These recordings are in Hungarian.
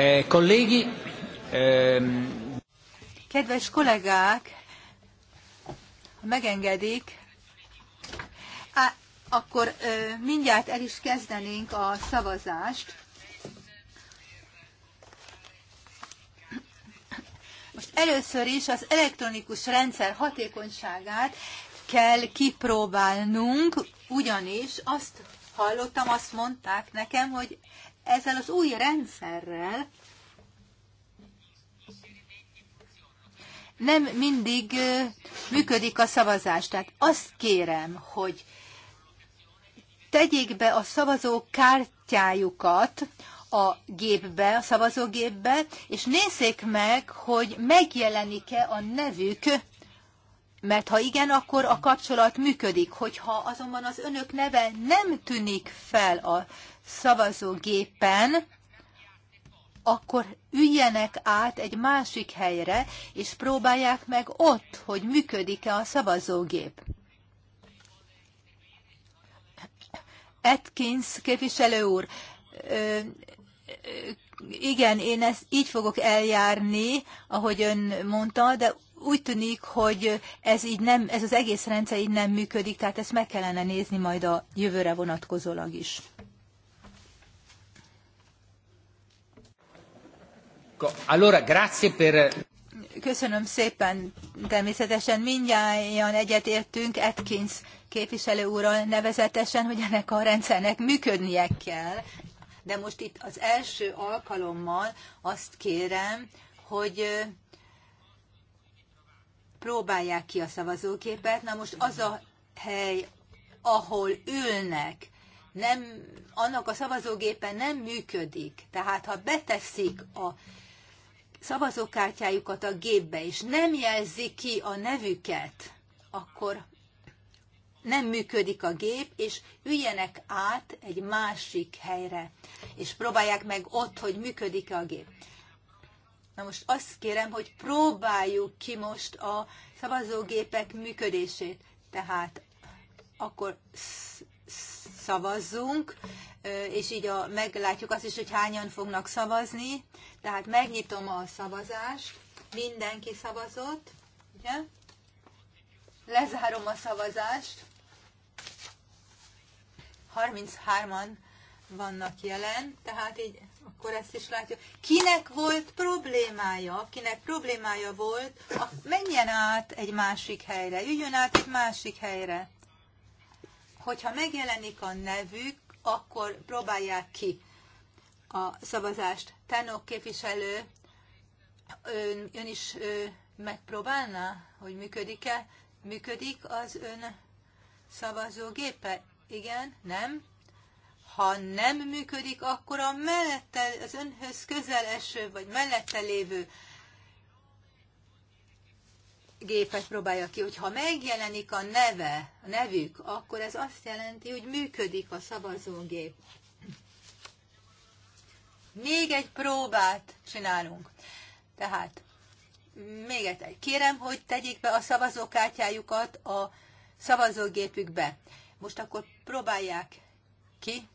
Eh, ehm, Kedves kollégák, ha megengedik, á, akkor ö, mindjárt el is kezdenénk a szavazást. Most először is az elektronikus rendszer hatékonyságát kell kipróbálnunk, ugyanis azt hallottam, azt mondták nekem, hogy ezzel az új rendszerrel nem mindig működik a szavazás. Tehát azt kérem, hogy tegyék be a szavazókártyájukat a gépbe, a szavazógépbe, és nézzék meg, hogy megjelenik-e a nevük mert ha igen, akkor a kapcsolat működik. Hogyha azonban az önök neve nem tűnik fel a szavazógépen, akkor üljenek át egy másik helyre, és próbálják meg ott, hogy működik-e a szavazógép. Atkins képviselő úr, igen, én ezt így fogok eljárni, ahogy ön mondta, de úgy tűnik, hogy ez így nem, ez az egész rendszer így nem működik, tehát ezt meg kellene nézni majd a jövőre vonatkozólag is. Allora, grazie per... Köszönöm szépen, természetesen mindjárt egyetértünk Atkins képviselő úrral nevezetesen, hogy ennek a rendszernek működnie kell. De most itt az első alkalommal azt kérem, hogy próbálják ki a szavazóképet. Na most az a hely, ahol ülnek, nem, annak a szavazógépe nem működik. Tehát ha beteszik a szavazókártyájukat a gépbe, és nem jelzik ki a nevüket, akkor nem működik a gép, és üljenek át egy másik helyre, és próbálják meg ott, hogy működik -e a gép. Na most azt kérem, hogy próbáljuk ki most a szavazógépek működését. Tehát akkor szavazzunk, és így a, meglátjuk azt is, hogy hányan fognak szavazni. Tehát megnyitom a szavazást. Mindenki szavazott, ugye? Lezárom a szavazást. 33-an vannak jelen, tehát így akkor ezt is látja. Kinek volt problémája, kinek problémája volt, a, menjen át egy másik helyre, jöjjön át egy másik helyre. Hogyha megjelenik a nevük, akkor próbálják ki a szavazást. Tenok képviselő, ön, ön is ő, megpróbálná, hogy működik-e? Működik az ön szavazógépe? Igen? Nem? Ha nem működik, akkor a mellette, az önhöz közel eső, vagy mellette lévő gépet próbálja ki, hogyha megjelenik a neve, a nevük, akkor ez azt jelenti, hogy működik a szavazógép. Még egy próbát csinálunk. Tehát még egy. Kérem, hogy tegyék be a szavazókártyájukat a szavazógépükbe. Most akkor próbálják ki.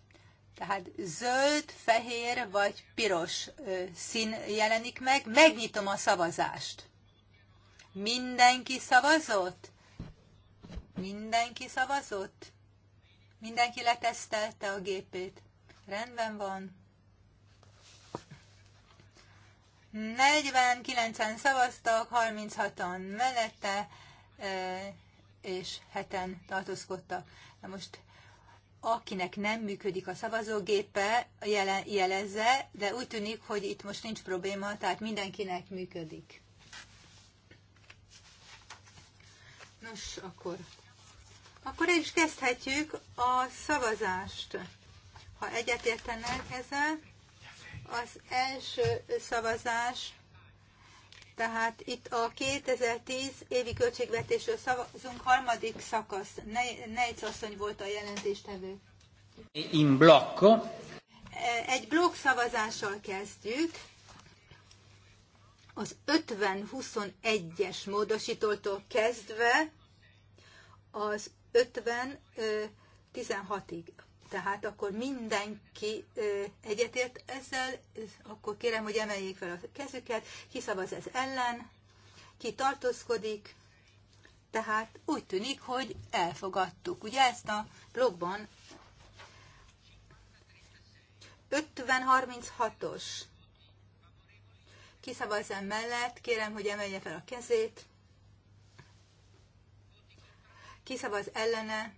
Tehát zöld, fehér vagy piros szín jelenik meg. Megnyitom a szavazást. Mindenki szavazott? Mindenki szavazott? Mindenki letesztelte a gépét. Rendben van. 49-en szavaztak, 36-an mellette, és heten tartózkodtak. Na most akinek nem működik a szavazógépe, jelezze, de úgy tűnik, hogy itt most nincs probléma, tehát mindenkinek működik. Nos, akkor, akkor el is kezdhetjük a szavazást. Ha egyetértenek ezzel, az első szavazás tehát itt a 2010 évi költségvetésről szavazunk, harmadik szakasz. Nejc asszony volt a jelentéstevő. In blocco. E, egy blokk szavazással kezdjük. Az 50-21-es módosítótól kezdve az 50-16-ig tehát akkor mindenki egyetért ezzel, akkor kérem, hogy emeljék fel a kezüket, ki szavaz ez ellen, ki tartózkodik, tehát úgy tűnik, hogy elfogadtuk. Ugye ezt a blogban 50-36-os kiszavaz mellett, kérem, hogy emelje fel a kezét, kiszavaz ellene,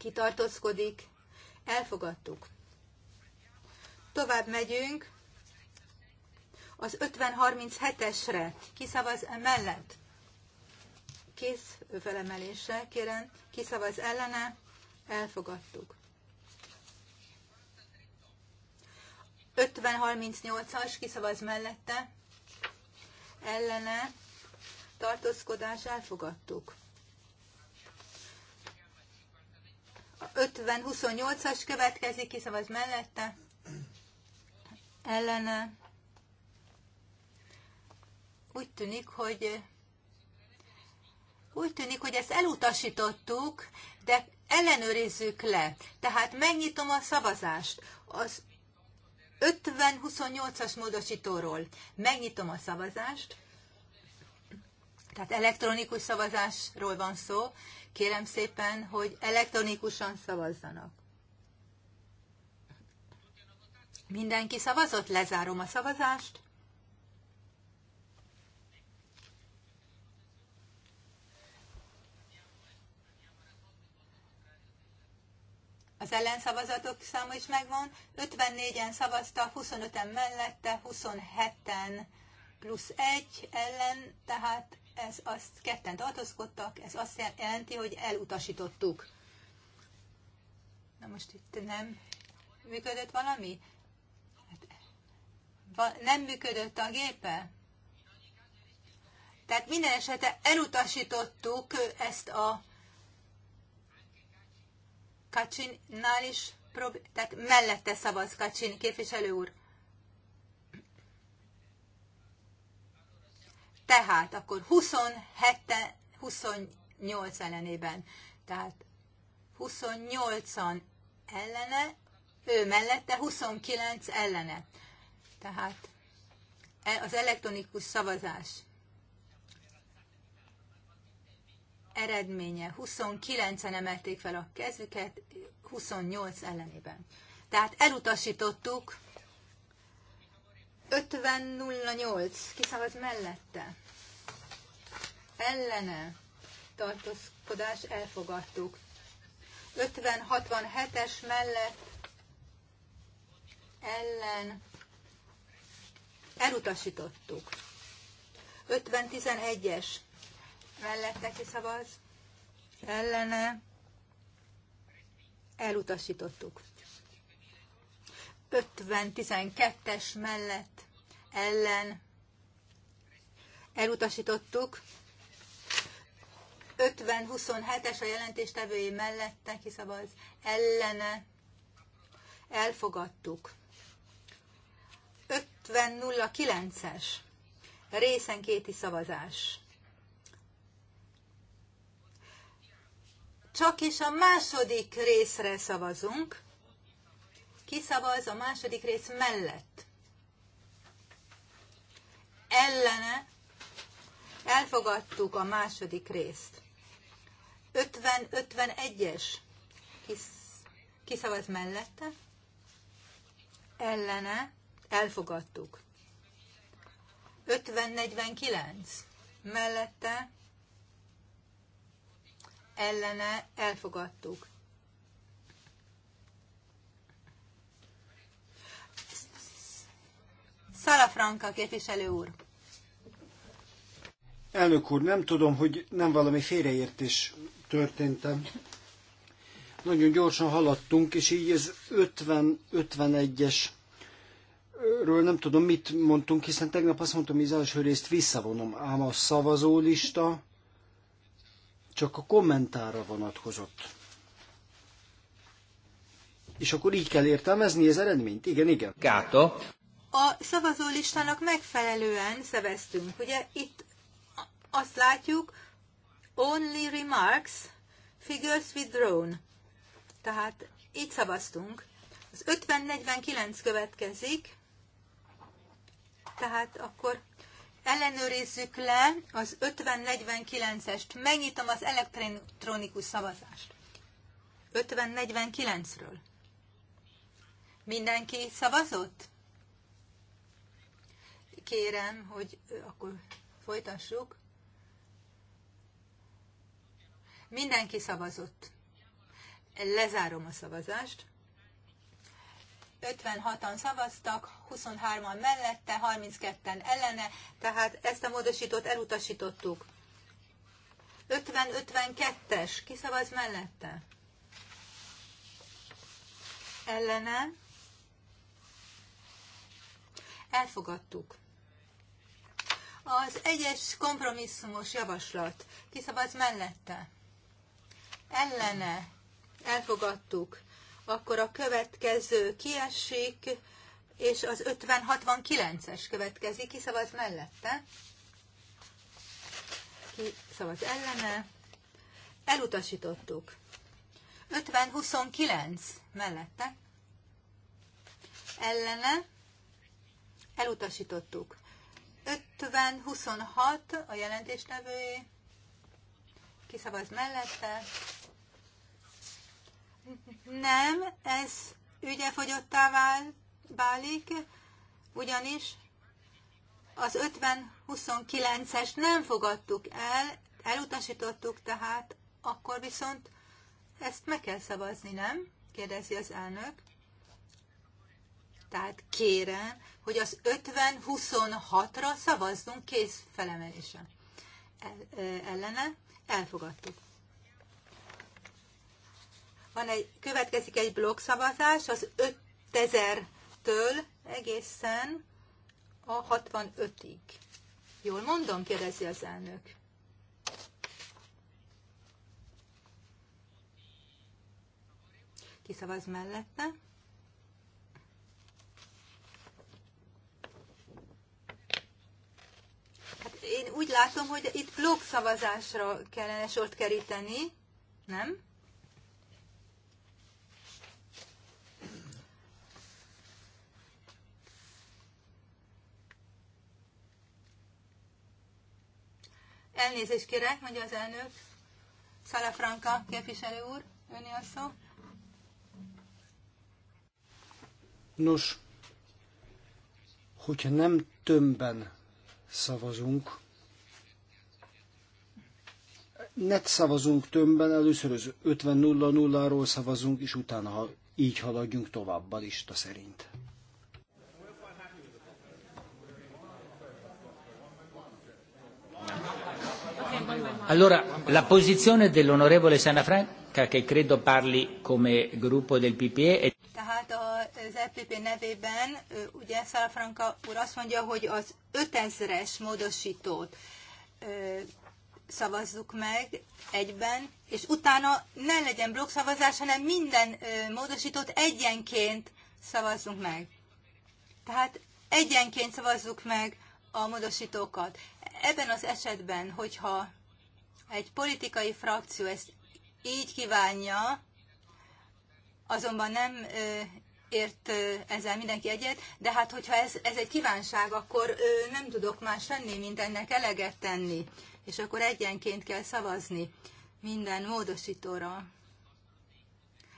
kitartózkodik, elfogadtuk. Tovább megyünk az 5037-esre. Kiszavaz emellett? Kész felemeléssel, kérem. Kiszavaz ellene? Elfogadtuk. 5038-as kiszavaz mellette, ellene, tartózkodás elfogadtuk. 50-28-as következik, kiszavaz mellette, ellene. Úgy tűnik, hogy úgy tűnik, hogy ezt elutasítottuk, de ellenőrizzük le. Tehát megnyitom a szavazást az 50-28-as módosítóról. Megnyitom a szavazást. Tehát elektronikus szavazásról van szó. Kérem szépen, hogy elektronikusan szavazzanak. Mindenki szavazott? Lezárom a szavazást. Az ellenszavazatok száma is megvan. 54-en szavazta, 25-en mellette, 27-en plusz 1 ellen, tehát ez azt ketten tartózkodtak, ez azt jelenti, hogy elutasítottuk. Na most itt nem működött valami? Hát, nem működött a gépe? Tehát minden esetre elutasítottuk ezt a Kacsinnál is, tehát mellette szavaz Kacsin képviselő úr. Tehát akkor 27 28 ellenében. Tehát 28-an ellene, ő mellette 29 ellene. Tehát e az elektronikus szavazás eredménye 29-en emelték fel a kezüket, 28 ellenében. Tehát elutasítottuk 5008 kiszavaz mellette. Ellene tartózkodás elfogadtuk. 5067-es mellett ellen elutasítottuk. 5011-es mellette kiszavaz ellene elutasítottuk. 50-12-es mellett ellen elutasítottuk. 50-27-es a jelentéstevői mellette kiszavaz, ellene elfogadtuk. 50-09-es részenkéti szavazás. Csak is a második részre szavazunk kiszavaz a második rész mellett. Ellene elfogadtuk a második részt. 50-51-es kiszavaz mellette. Ellene elfogadtuk. 50-49 mellette ellene elfogadtuk. Szalafranka képviselő úr. Elnök úr, nem tudom, hogy nem valami félreértés történtem. Nagyon gyorsan haladtunk, és így ez 50-51-es ről nem tudom, mit mondtunk, hiszen tegnap azt mondtam, hogy az első részt visszavonom, ám a szavazólista csak a kommentára vonatkozott. És akkor így kell értelmezni az eredményt? Igen, igen. Gáta a szavazólistának megfelelően szavaztunk. Ugye itt azt látjuk, only remarks, figures withdrawn. Tehát így szavaztunk. Az 50-49 következik, tehát akkor ellenőrizzük le az 50-49-est. Megnyitom az elektronikus szavazást. 50-49-ről. Mindenki szavazott? kérem, hogy akkor folytassuk. Mindenki szavazott. Lezárom a szavazást. 56-an szavaztak, 23-an mellette, 32-en ellene, tehát ezt a módosítót elutasítottuk. 50-52-es, ki szavaz mellette? Ellene. Elfogadtuk. Az egyes kompromisszumos javaslat. Kiszavaz mellette. Ellene. Elfogadtuk. Akkor a következő kiesik, és az 50-69-es következik. Kiszavaz mellette. Kiszavaz ellene. Elutasítottuk. 50-29 mellette. Ellene. Elutasítottuk. 50-26 a jelentéstevői. Kiszavaz mellette. Nem, ez ügyefogyottá vál, válik, ugyanis az 50-29-es nem fogadtuk el, elutasítottuk tehát, akkor viszont ezt meg kell szavazni, nem? kérdezi az elnök. Tehát kérem, hogy az 50-26-ra szavazzunk kész felemelésen. ellene elfogadtuk. Van egy, következik egy blogszavazás az 5000-től egészen a 65-ig. Jól mondom? kérdezi az elnök. Kiszavaz mellette. én úgy látom, hogy itt blogszavazásra kellene sort keríteni, nem? Elnézést kérek, mondja az elnök. Franka, képviselő úr, öné a szó. Nos, hogyha nem tömbben szavazunk. Net szavazunk tömbben, először az 50.00-ról szavazunk, és utána ha így haladjunk tovább a lista szerint. Allora, la posizione dell'onorevole Sanafranca, che credo parli come gruppo del PPE, è... Tehát az EPP nevében, ugye Szalafranka úr azt mondja, hogy az 5000-es módosítót szavazzuk meg egyben, és utána ne legyen blokkszavazás, hanem minden módosítót egyenként szavazzunk meg. Tehát egyenként szavazzuk meg a módosítókat. Ebben az esetben, hogyha egy politikai frakció ezt így kívánja, azonban nem ért ezzel mindenki egyet, de hát hogyha ez, ez egy kívánság, akkor nem tudok más tenni, mint ennek eleget tenni, és akkor egyenként kell szavazni minden módosítóra.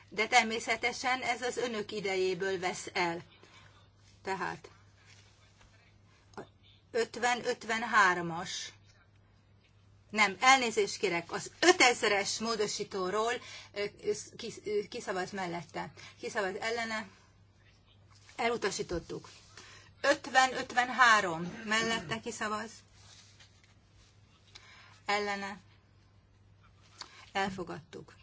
De természetesen ez az önök idejéből vesz el. Tehát 50-53-as nem, elnézést kérek, az 5000-es módosítóról kiszavaz mellette, kiszavaz ellene, elutasítottuk. 50-53 mellette kiszavaz, ellene, elfogadtuk.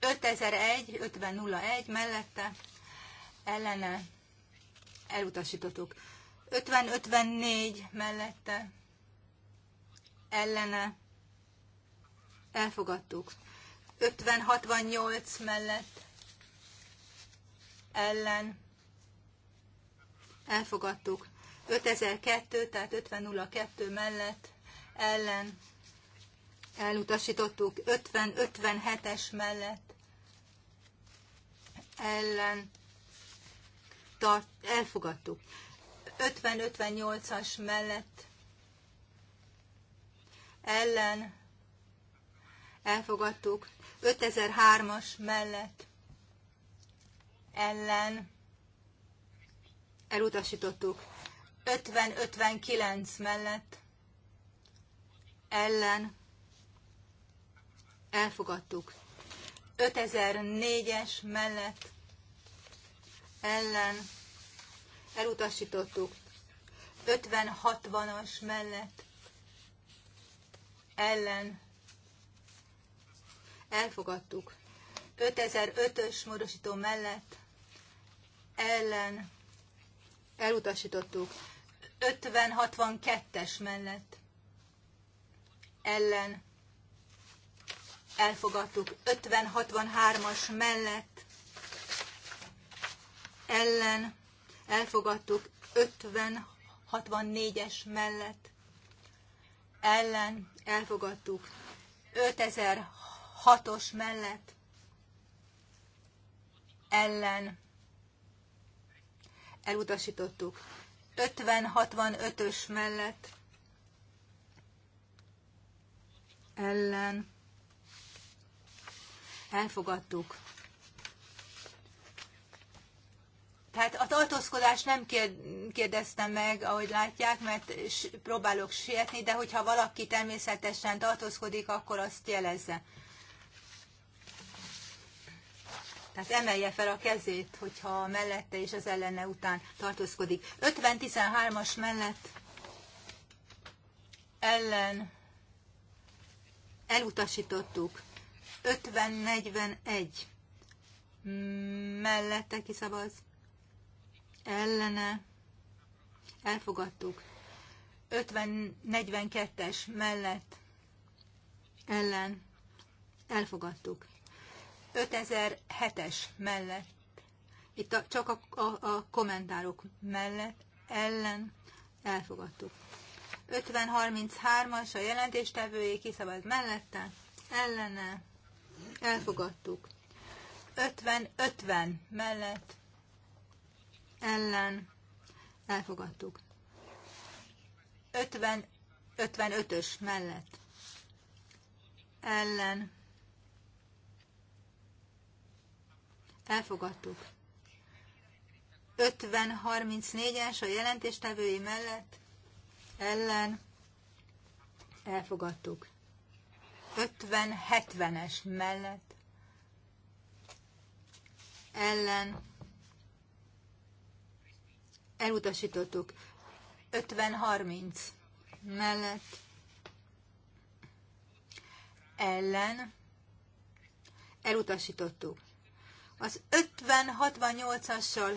5001, 5001 mellette, ellene, elutasítottuk. 50-54 mellette, ellene elfogadtuk. 50-68 mellett ellen elfogadtuk. 5002, tehát 5002 mellett ellen elutasítottuk. 50-57-es mellett ellen tart, elfogadtuk. 50-58-as mellett ellen elfogadtuk, 5003-as mellett ellen elutasítottuk, 5059 mellett ellen elfogadtuk, 5004-es mellett ellen elutasítottuk, 5060 as mellett ellen elfogadtuk. 5005-ös módosító mellett ellen elutasítottuk. 5062-es mellett ellen elfogadtuk. 5063-as mellett ellen elfogadtuk. 5064-es mellett ellen elfogadtuk. 5006-os mellett ellen elutasítottuk. 5065-ös mellett ellen elfogadtuk. Tehát a tartózkodást nem kérdeztem meg, ahogy látják, mert próbálok sietni, de hogyha valaki természetesen tartózkodik, akkor azt jelezze. Tehát emelje fel a kezét, hogyha mellette és az ellene után tartózkodik. 50-13-as mellett ellen elutasítottuk. 50-41 mellette kiszavaz ellene elfogadtuk. 50-42-es mellett ellen elfogadtuk. 5007-es mellett, itt a, csak a, a, a kommentárok mellett ellen elfogadtuk. 5033-as a jelentéstevői kiszabad mellette, ellene elfogadtuk. 50-50 mellett ellen elfogadtuk. 50, 55-ös mellett ellen elfogadtuk. 50-34-es a jelentéstevői mellett ellen elfogadtuk. 50-70-es mellett ellen elutasítottuk. 50-30 mellett ellen elutasítottuk. Az 50-68-assal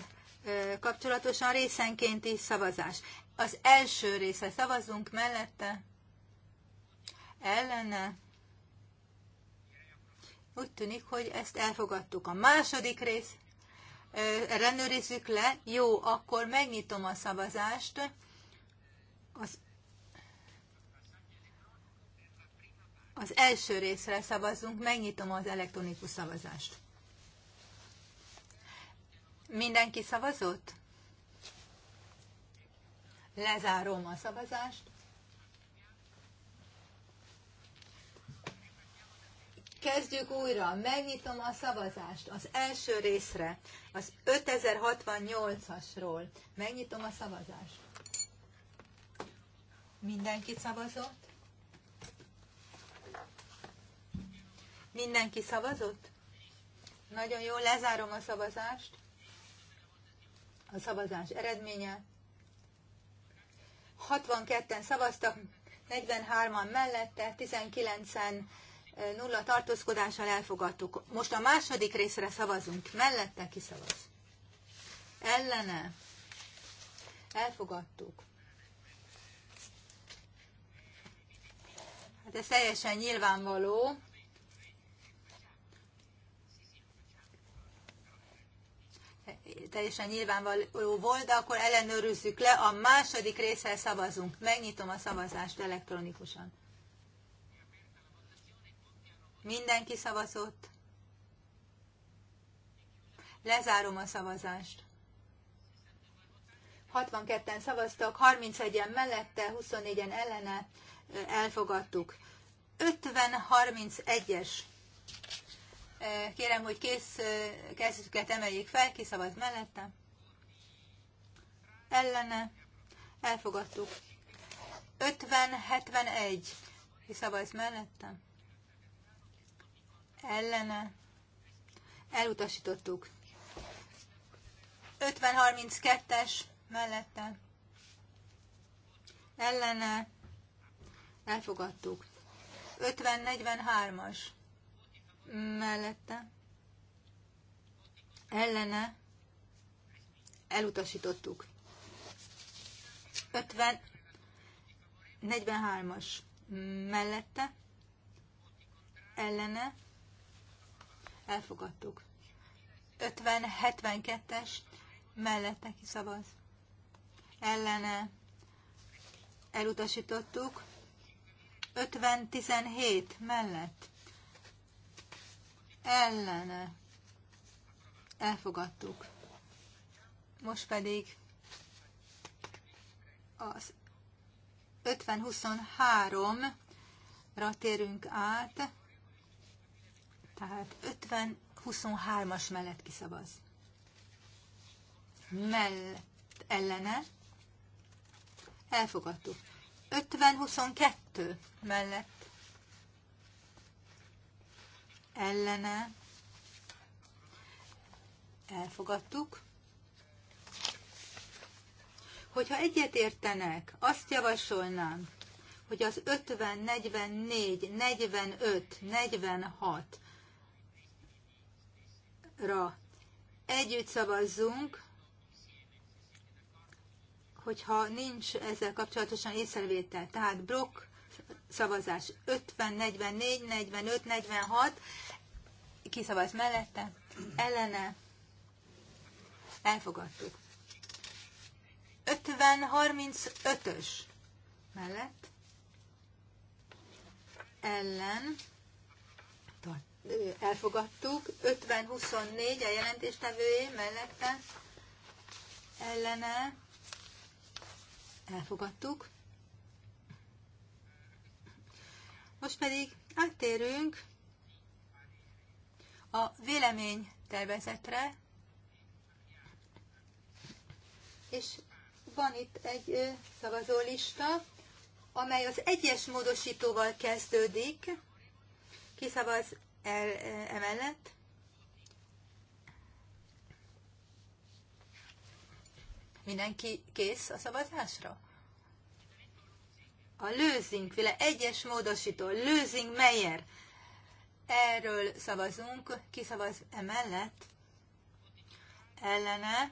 kapcsolatosan részenkénti szavazás. Az első része szavazunk mellette, ellene. Úgy tűnik, hogy ezt elfogadtuk. A második rész ellenőrizzük le. Jó, akkor megnyitom a szavazást. Az, az első részre szavazzunk, megnyitom az elektronikus szavazást. Mindenki szavazott? Lezárom a szavazást. Kezdjük újra, megnyitom a szavazást az első részre, az 5068-asról. Megnyitom a szavazást. Mindenki szavazott? Mindenki szavazott? Nagyon jó, lezárom a szavazást. A szavazás eredménye. 62-en szavaztak, 43-an mellette, 19-en nulla tartózkodással elfogadtuk. Most a második részre szavazunk. Mellette kiszavaz. Ellene. Elfogadtuk. Hát ez teljesen nyilvánvaló. Teljesen nyilvánvaló volt, de akkor ellenőrizzük le. A második részhez szavazunk. Megnyitom a szavazást elektronikusan. Mindenki szavazott. Lezárom a szavazást. 62-en szavaztak, 31-en mellette, 24-en ellene elfogadtuk. 50-31-es. Kérem, hogy kész kezüket emeljék fel, ki szavaz mellette. Ellene. Elfogadtuk. 50-71. Ki szavaz mellette? ellene elutasítottuk. 50-32-es mellette ellene elfogadtuk. 50-43-as mellette ellene elutasítottuk. 50 43-as mellette ellene elfogadtuk. 50-72-es mellette szavaz Ellene elutasítottuk. 50-17 mellett ellene elfogadtuk. Most pedig az 50-23-ra térünk át. Tehát 50-23-as mellett kiszavaz. Mellett ellene elfogadtuk. 50-22 mellett ellene elfogadtuk. Hogyha egyet értenek, azt javasolnám, hogy az 50, 44, 45, 46 ra együtt szavazzunk, hogyha nincs ezzel kapcsolatosan észrevétel. Tehát blokk szavazás 50, 44, 45, 46, szavaz mellette, ellene, elfogadtuk. 50-35-ös mellett, ellen, tart elfogadtuk. 50-24 a jelentéstevője mellette ellene elfogadtuk. Most pedig áttérünk a vélemény tervezetre, és van itt egy szavazólista, amely az egyes módosítóval kezdődik, kiszavaz el, emellett. Mindenki kész a szavazásra? A lőzing, féle egyes módosító, lőzing Meyer. Erről szavazunk, ki szavaz emellett? Ellene.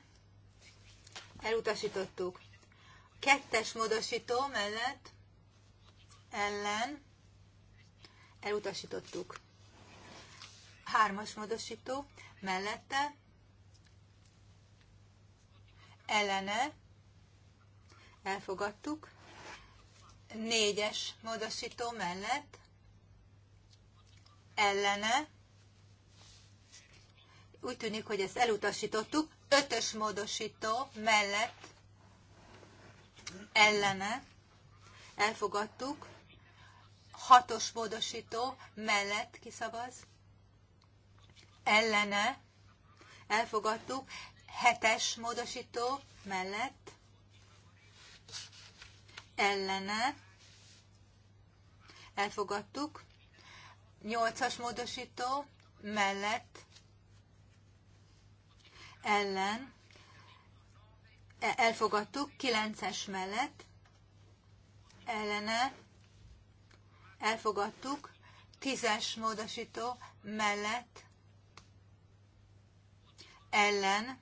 Elutasítottuk. Kettes módosító mellett ellen elutasítottuk. Hármas módosító mellette ellene elfogadtuk. Négyes módosító mellett ellene úgy tűnik, hogy ezt elutasítottuk. Ötös módosító mellett ellene elfogadtuk. Hatos módosító mellett kiszavaz ellene elfogadtuk, hetes módosító mellett ellene elfogadtuk, nyolcas módosító mellett ellen e, elfogadtuk, kilences mellett ellene elfogadtuk, tízes módosító mellett ellen.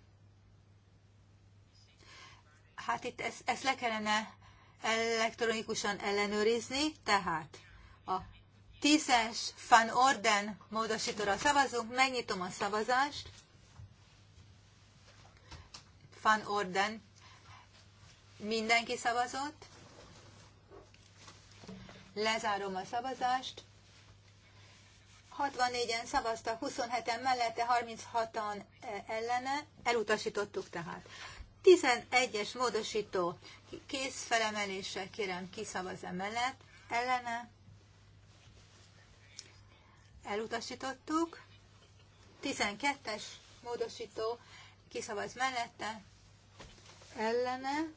Hát itt ezt, ezt le kellene elektronikusan ellenőrizni, tehát a tízes fan Orden módosítóra szavazunk, megnyitom a szavazást. Fan Orden mindenki szavazott. Lezárom a szavazást. 64-en szavaztak, 27-en mellette, 36-an eh, ellene, elutasítottuk tehát. 11-es módosító kész kérem, kiszavaz emellett, ellene, elutasítottuk. 12-es módosító kiszavaz mellette, ellene,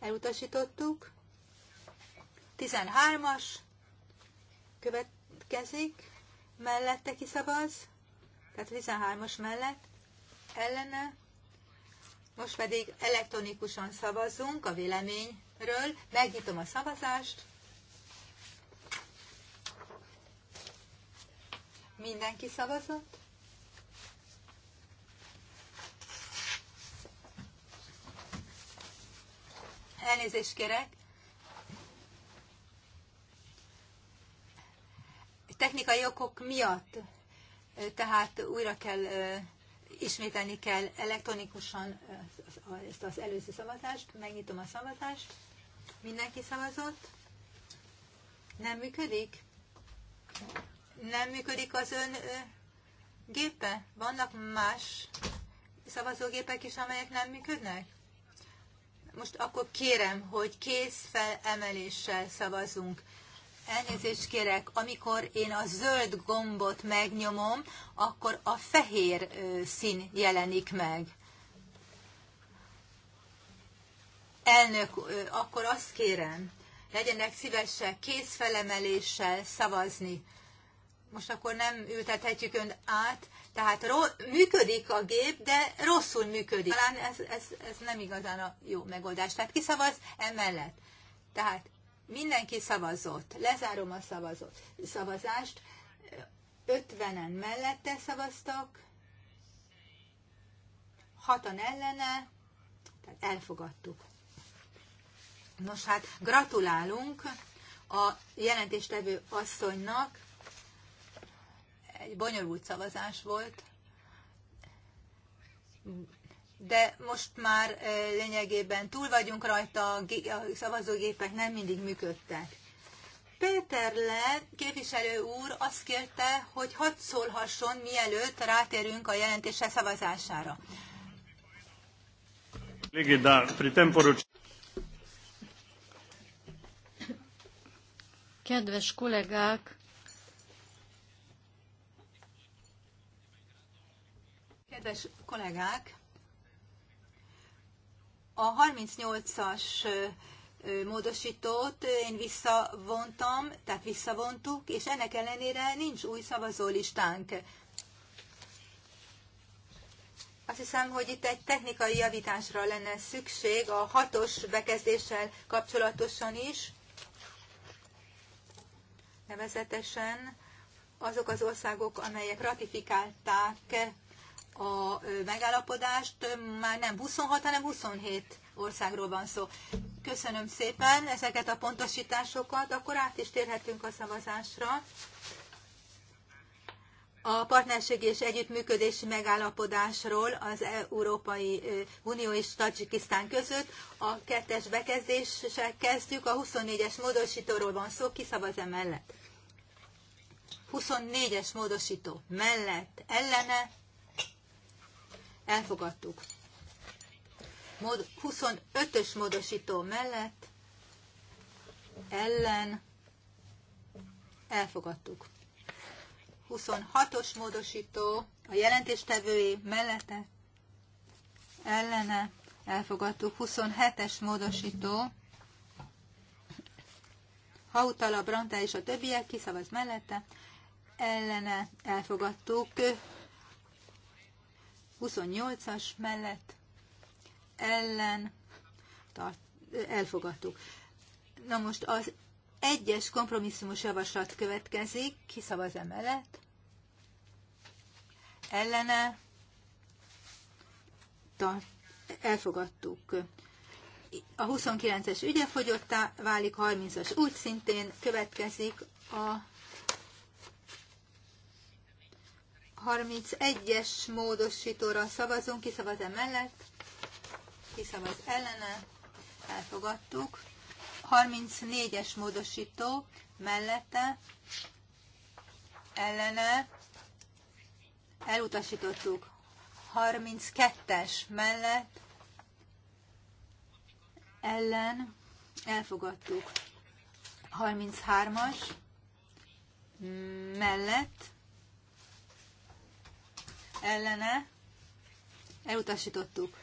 elutasítottuk. 13-as követ következik, mellette kiszavaz, tehát 13-as mellett, ellene, most pedig elektronikusan szavazzunk a véleményről, megnyitom a szavazást, mindenki szavazott, Elnézést kérek, technikai okok miatt, tehát újra kell, ismételni kell elektronikusan ezt az előző szavazást. Megnyitom a szavazást. Mindenki szavazott? Nem működik? Nem működik az ön gépe? Vannak más szavazógépek is, amelyek nem működnek? Most akkor kérem, hogy kész felemeléssel szavazunk. Elnézést kérek, amikor én a zöld gombot megnyomom, akkor a fehér szín jelenik meg. Elnök, akkor azt kérem, legyenek szívesek kézfelemeléssel szavazni. Most akkor nem ültethetjük önt át, tehát ro- működik a gép, de rosszul működik. Talán ez, ez, ez nem igazán a jó megoldás. Tehát kiszavaz emellett. Tehát Mindenki szavazott. Lezárom a szavazott, szavazást. 50-en mellette szavaztak, 6-an ellene, tehát elfogadtuk. Nos hát gratulálunk a jelentéstevő asszonynak. Egy bonyolult szavazás volt de most már eh, lényegében túl vagyunk rajta, a szavazógépek nem mindig működtek. Péter Le képviselő úr azt kérte, hogy hadd szólhasson, mielőtt rátérünk a jelentése szavazására. Kedves kollégák! Kedves kollégák! A 38-as módosítót én visszavontam, tehát visszavontuk, és ennek ellenére nincs új szavazólistánk. Azt hiszem, hogy itt egy technikai javításra lenne szükség a hatos bekezdéssel kapcsolatosan is. Nevezetesen azok az országok, amelyek ratifikálták a megállapodást, már nem 26, hanem 27 országról van szó. Köszönöm szépen ezeket a pontosításokat, akkor át is térhetünk a szavazásra. A partnerségi és együttműködési megállapodásról az Európai Unió és Tajikisztán között a kettes bekezdéssel kezdjük. A 24-es módosítóról van szó, szavaz e mellett? 24-es módosító mellett ellene elfogadtuk. 25-ös módosító mellett ellen elfogadtuk. 26-os módosító a jelentéstevői mellette ellene elfogadtuk. 27-es módosító Hautala, Branta és a többiek kiszavaz mellette ellene elfogadtuk. 28-as mellett ellen tart, elfogadtuk. Na most az egyes kompromisszumos javaslat következik, ki szavaz emellett, ellene tart, elfogadtuk. A 29-es fogyottá válik, 30-as úgy szintén következik a 31-es módosítóra szavazunk, kiszavaz -e mellett, kiszavaz ellene, elfogadtuk. 34-es módosító mellette, ellene, elutasítottuk. 32-es mellett, ellen, elfogadtuk. 33-as mellett, ellene elutasítottuk.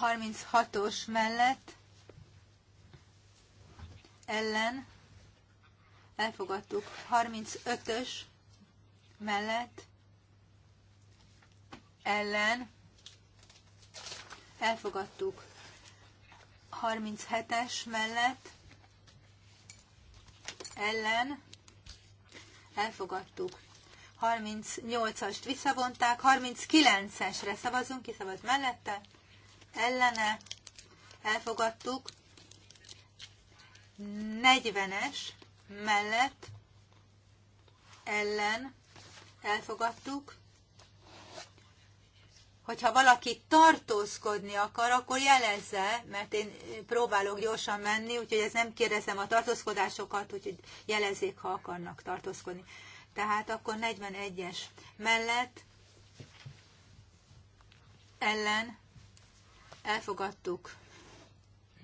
36-os mellett ellen elfogadtuk. 35-ös mellett ellen elfogadtuk. 37-es mellett ellen elfogadtuk. 38-ast visszavonták, 39-esre szavazunk, ki szavaz mellette, ellene, elfogadtuk, 40-es mellett, ellen, elfogadtuk, hogyha valaki tartózkodni akar, akkor jelezze, mert én próbálok gyorsan menni, úgyhogy ez nem kérdezem a tartózkodásokat, úgyhogy jelezzék, ha akarnak tartózkodni. Tehát akkor 41-es mellett ellen elfogadtuk.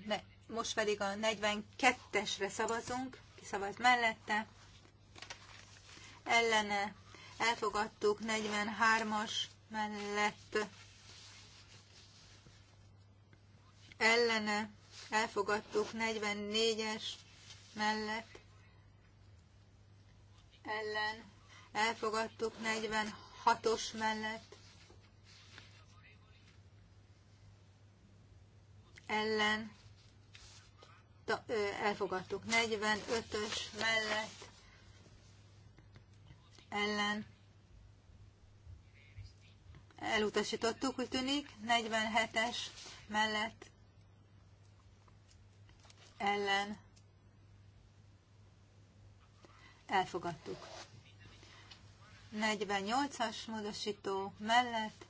Ne, most pedig a 42-esre szavazunk, ki szavaz mellette, ellene elfogadtuk 43-as mellett, ellene elfogadtuk 44-es mellett, ellen elfogadtuk, 46-os mellett ellen ta, ö, elfogadtuk, 45-ös mellett ellen elutasítottuk, úgy tűnik, 47-es mellett ellen elfogadtuk. 48-as módosító mellett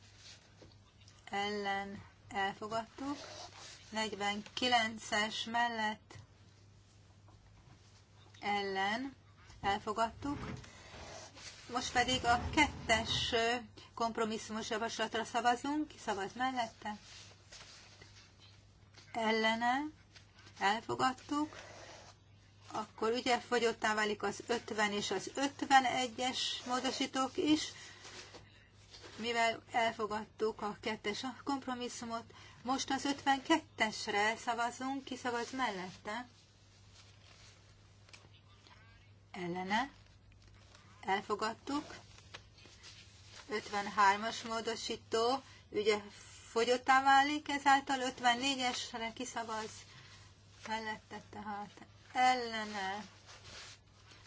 ellen elfogadtuk, 49-es mellett ellen elfogadtuk, most pedig a kettes kompromisszumos javaslatra szavazunk, ki szavaz mellette, ellene elfogadtuk, akkor ugye fogyottá válik az 50 és az 51-es módosítók is, mivel elfogadtuk a kettes kompromisszumot, most az 52-esre szavazunk, ki szavaz mellette? Ellene. Elfogadtuk. 53-as módosító, ugye fogyottá válik ezáltal, 54-esre kiszavaz mellette tehát ellene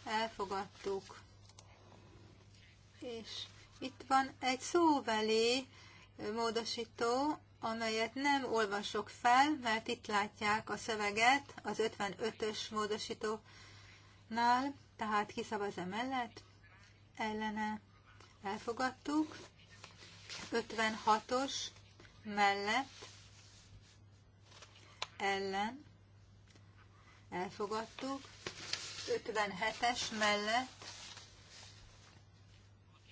elfogadtuk. És itt van egy szóveli módosító, amelyet nem olvasok fel, mert itt látják a szöveget az 55-ös módosítónál, tehát kiszavaz emellett, ellene elfogadtuk, 56-os mellett ellen elfogadtuk. 57-es mellett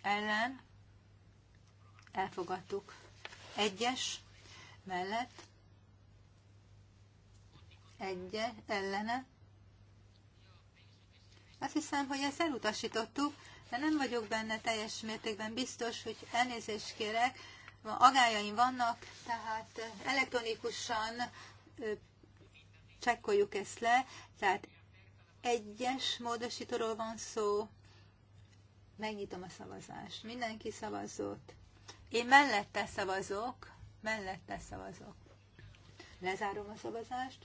ellen elfogadtuk. Egyes mellett egye ellene. Azt hiszem, hogy ezt elutasítottuk, de nem vagyok benne teljes mértékben biztos, hogy elnézést kérek. Agályaim vannak, tehát elektronikusan csekkoljuk ezt le, tehát egyes módosítóról van szó, megnyitom a szavazást. Mindenki szavazott. Én mellette szavazok, mellette szavazok. Lezárom a szavazást.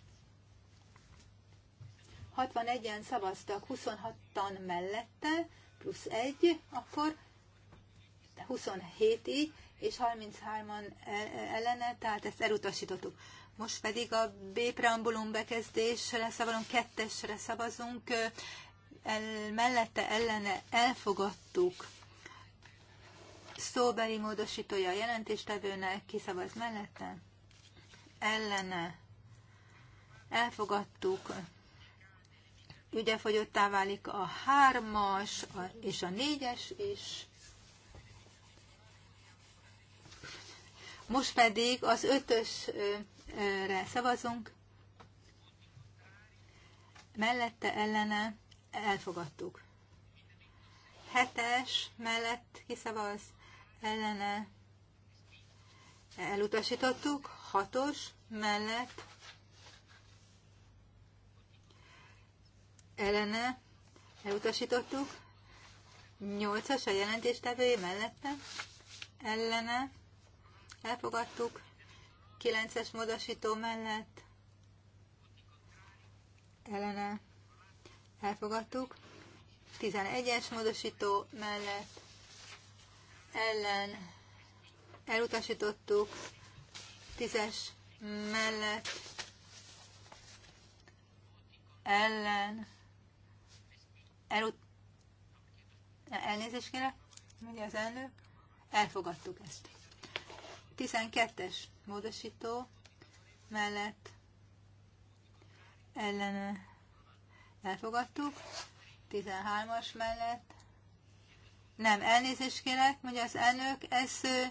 61-en szavaztak, 26 an mellette, plusz 1, akkor 27 így, és 33-an ellene, tehát ezt elutasítottuk. Most pedig a B preambulum bekezdésre szavazunk, kettesre szavazunk, el, mellette ellene elfogadtuk szóbeli módosítója a jelentéstevőnek, szavaz mellette, ellene elfogadtuk, ügyefogyottá válik a hármas a, és a négyes is. Most pedig az ötös re szavazunk. Mellette ellene elfogadtuk. Hetes mellett kiszavaz, ellene elutasítottuk. Hatos mellett ellene elutasítottuk. Nyolcas a jelentéstevője mellette ellene elfogadtuk. 9-es módosító mellett Elene. elfogadtuk. 11-es módosító mellett ellen elutasítottuk. 10-es mellett ellen elut elnézést kérek, mondja az elnök, elfogadtuk ezt. 12-es módosító mellett ellene elfogadtuk, 13-as mellett nem, elnézést kérek, mondja az elnök, ez ö,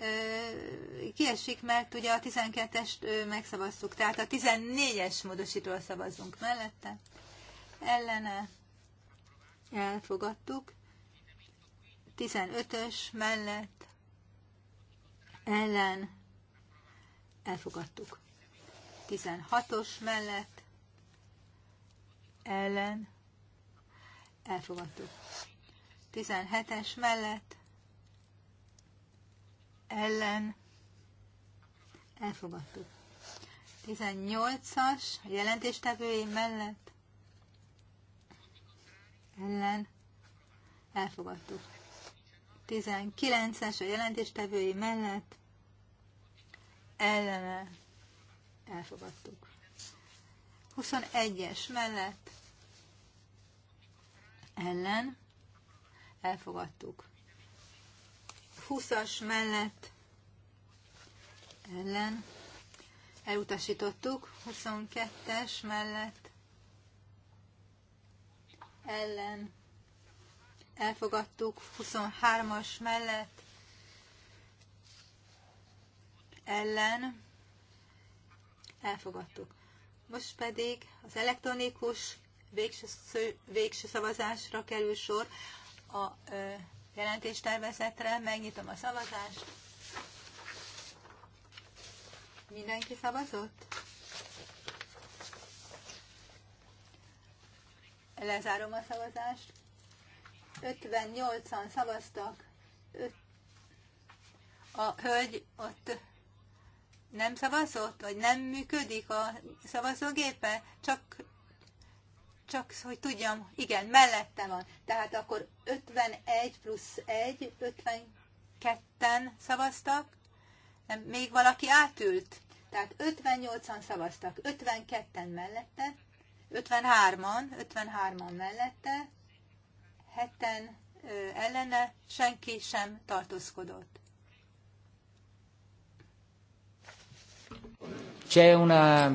ö, kiesik, mert ugye a 12-est megszavaztuk, tehát a 14-es módosítóra szavazunk mellette, ellene elfogadtuk, 15-ös mellett ellen elfogadtuk. 16-os mellett ellen elfogadtuk. 17-es mellett ellen elfogadtuk. 18-as jelentéstevői mellett ellen elfogadtuk. 19-es a jelentéstevői mellett ellene elfogadtuk. 21-es mellett ellen elfogadtuk. 20-as mellett ellen elutasítottuk, 22-es mellett ellen elfogadtuk, 23-as mellett ellen elfogadtuk. Most pedig az elektronikus végső, végső szavazásra kerül sor a ö, jelentéstervezetre. Megnyitom a szavazást. Mindenki szavazott? Lezárom a szavazást. 58-an szavaztak, a hölgy ott nem szavazott, vagy nem működik a szavazógépe, csak, csak hogy tudjam, igen, mellette van. Tehát akkor 51 plusz 1, 52-en szavaztak, nem, még valaki átült. Tehát 58-an szavaztak, 52-en mellette, 53-an, 53-an mellette, heten ellene senki sem tartózkodott. C'è una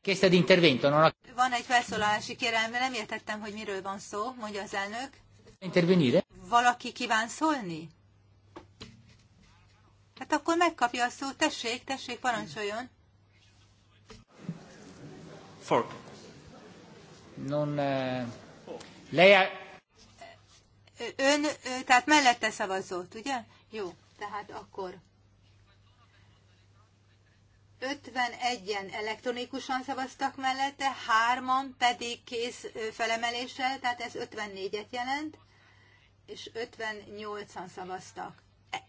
chiesta di intervento, non Van egy felszólalási kérelme, nem értettem, hogy miről van szó, mondja az elnök. Intervenire? Valaki kíván szólni? Hát akkor megkapja a szót, tessék, tessék, parancsoljon. For. Non, eh, lei ha Ön, tehát mellette szavazott, ugye? Jó, tehát akkor 51-en elektronikusan szavaztak mellette, 3-an pedig kész felemeléssel, tehát ez 54-et jelent, és 58-an szavaztak. E,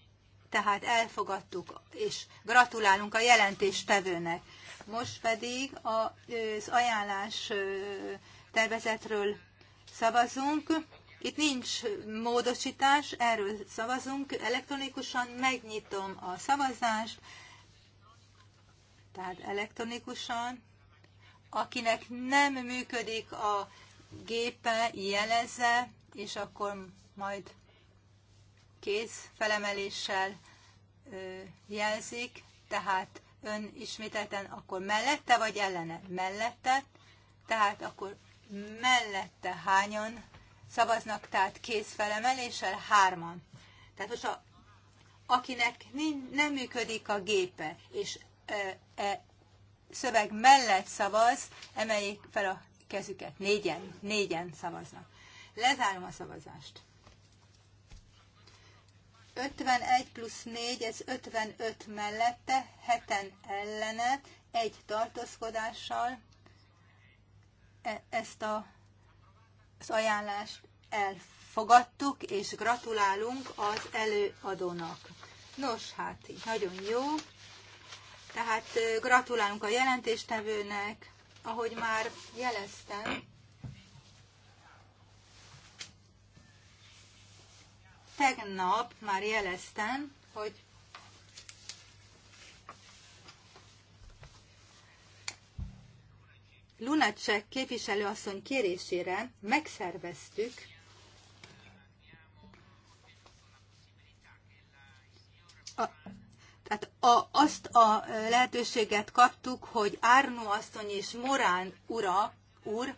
tehát elfogadtuk, és gratulálunk a jelentéstevőnek. Most pedig az ajánlás tervezetről szavazunk. Itt nincs módosítás, erről szavazunk elektronikusan, megnyitom a szavazást, tehát elektronikusan. Akinek nem működik a gépe, jelezze, és akkor majd kéz felemeléssel jelzik, tehát ön ismételten akkor mellette vagy ellene? Mellette, tehát akkor mellette hányan Szavaznak tehát kézfelemeléssel hárman. Tehát most a, akinek nem működik a gépe, és e, e, szöveg mellett szavaz, emeljék fel a kezüket. Négyen, négyen szavaznak. Lezárom a szavazást. 51 plusz 4, ez 55 mellette, heten ellene, egy tartózkodással. E- ezt a az ajánlást elfogadtuk, és gratulálunk az előadónak. Nos, hát így nagyon jó. Tehát gratulálunk a jelentéstevőnek, ahogy már jeleztem, tegnap már jeleztem, hogy Lunacek képviselőasszony kérésére megszerveztük a, tehát a, azt a lehetőséget kaptuk, hogy Árnó asszony és Morán ura, úr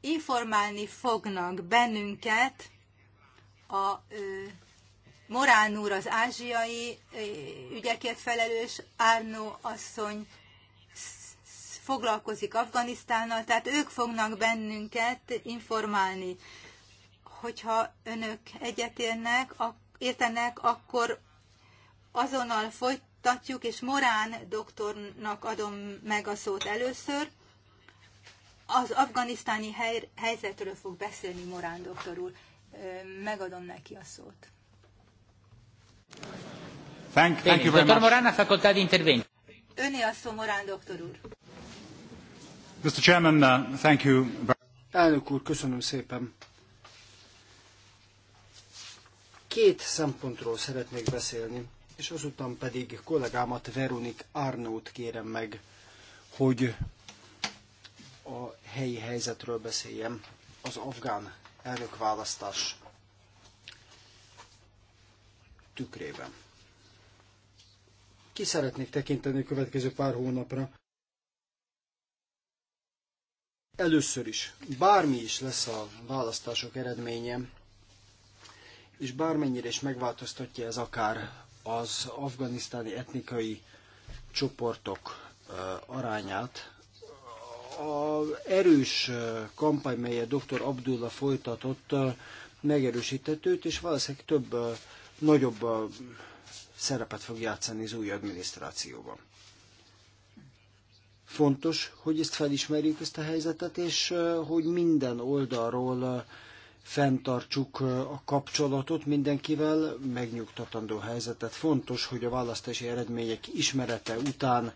informálni fognak bennünket a ö, Morán úr az ázsiai ügyekért felelős, Árnó asszony foglalkozik Afganisztánnal, tehát ők fognak bennünket informálni. Hogyha önök egyetérnek, értenek, akkor azonnal folytatjuk, és Morán doktornak adom meg a szót először. Az afganisztáni hely, helyzetről fog beszélni Morán doktor úr. Megadom neki a szót. Thank, thank you very much. Morán a facultad intervén. Öné a szó, Morán doktor úr. Mr. Chairman, uh, thank you. Elnök úr, köszönöm szépen. Két szempontról szeretnék beszélni, és azután pedig kollégámat Veronik Arnót kérem meg, hogy a helyi helyzetről beszéljem, az afgán elnökválasztás tükrében. Ki szeretnék tekinteni a következő pár hónapra? Először is, bármi is lesz a választások eredménye, és bármennyire is megváltoztatja ez akár az afganisztáni etnikai csoportok eh, arányát, a erős eh, kampány, melyet dr. Abdullah folytatott, eh, megerősített őt, és valószínűleg több, nagyobb szerepet fog játszani az új adminisztrációban. Fontos, hogy ezt felismerjük, ezt a helyzetet, és hogy minden oldalról fenntartsuk a kapcsolatot mindenkivel, megnyugtatandó helyzetet. Fontos, hogy a választási eredmények ismerete után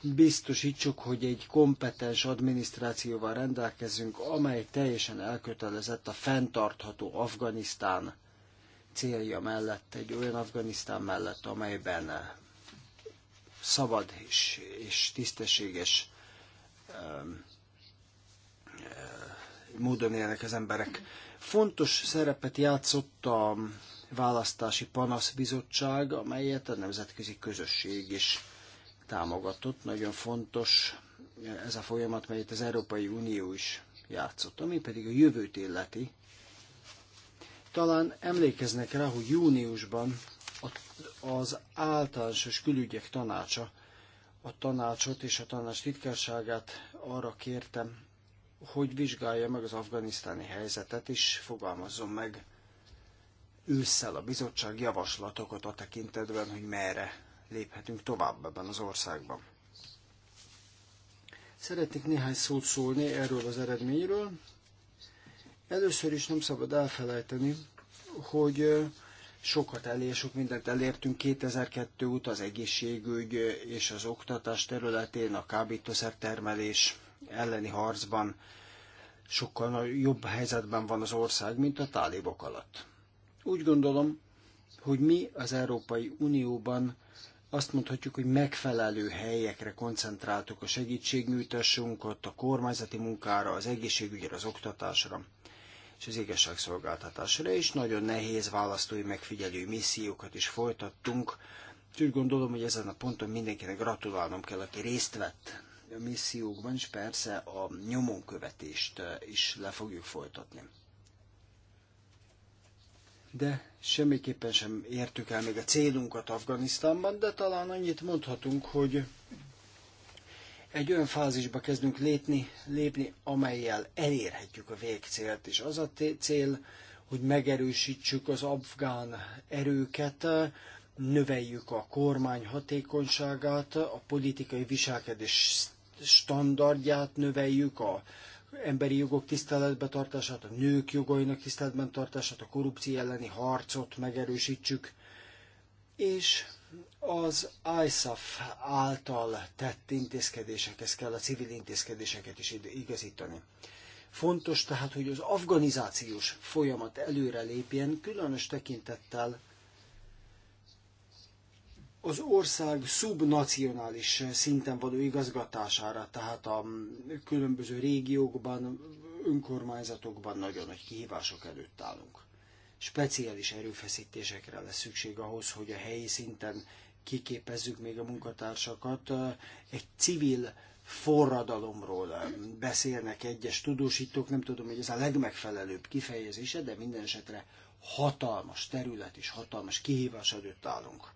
biztosítsuk, hogy egy kompetens adminisztrációval rendelkezünk, amely teljesen elkötelezett a fenntartható Afganisztán célja mellett, egy olyan Afganisztán mellett, amelyben szabad és, és tisztességes um, uh, módon élnek az emberek. Fontos szerepet játszott a választási panaszbizottság, amelyet a nemzetközi közösség is támogatott. Nagyon fontos uh, ez a folyamat, melyet az Európai Unió is játszott, ami pedig a jövőt illeti. Talán emlékeznek rá, hogy júniusban az általános és külügyek tanácsa a tanácsot és a tanács titkárságát arra kértem, hogy vizsgálja meg az afganisztáni helyzetet, és fogalmazzon meg ősszel a bizottság javaslatokat a tekintetben, hogy merre léphetünk tovább ebben az országban. Szeretnék néhány szót szólni erről az eredményről. Először is nem szabad elfelejteni, hogy sokat elér, sok mindent elértünk 2002 óta az egészségügy és az oktatás területén, a termelés elleni harcban sokkal jobb helyzetben van az ország, mint a tálibok alatt. Úgy gondolom, hogy mi az Európai Unióban azt mondhatjuk, hogy megfelelő helyekre koncentráltuk a segítségnyújtásunkat, a kormányzati munkára, az egészségügyre, az oktatásra és az igazságszolgáltatásra is. Nagyon nehéz választói megfigyelő missziókat is folytattunk, és úgy gondolom, hogy ezen a ponton mindenkinek gratulálnom kell, aki részt vett a missziókban, és persze a nyomonkövetést eh, is le fogjuk folytatni. De semmiképpen sem értük el még a célunkat Afganisztánban, de talán annyit mondhatunk, hogy egy olyan fázisba kezdünk lépni, lépni, amelyel elérhetjük a végcélt, és az a cél, hogy megerősítsük az afgán erőket, növeljük a kormány hatékonyságát, a politikai viselkedés standardját növeljük, a emberi jogok tiszteletbe tartását, a nők jogainak tiszteletben tartását, a korrupció elleni harcot megerősítsük, és az ISAF által tett intézkedésekhez kell a civil intézkedéseket is igazítani. Fontos tehát, hogy az afganizációs folyamat előre lépjen, különös tekintettel az ország szubnacionális szinten való igazgatására, tehát a különböző régiókban, önkormányzatokban nagyon nagy kihívások előtt állunk. Speciális erőfeszítésekre lesz szükség ahhoz, hogy a helyi szinten kiképezzük még a munkatársakat, egy civil forradalomról beszélnek egyes tudósítók, nem tudom, hogy ez a legmegfelelőbb kifejezése, de minden esetre hatalmas terület és hatalmas kihívás előtt állunk.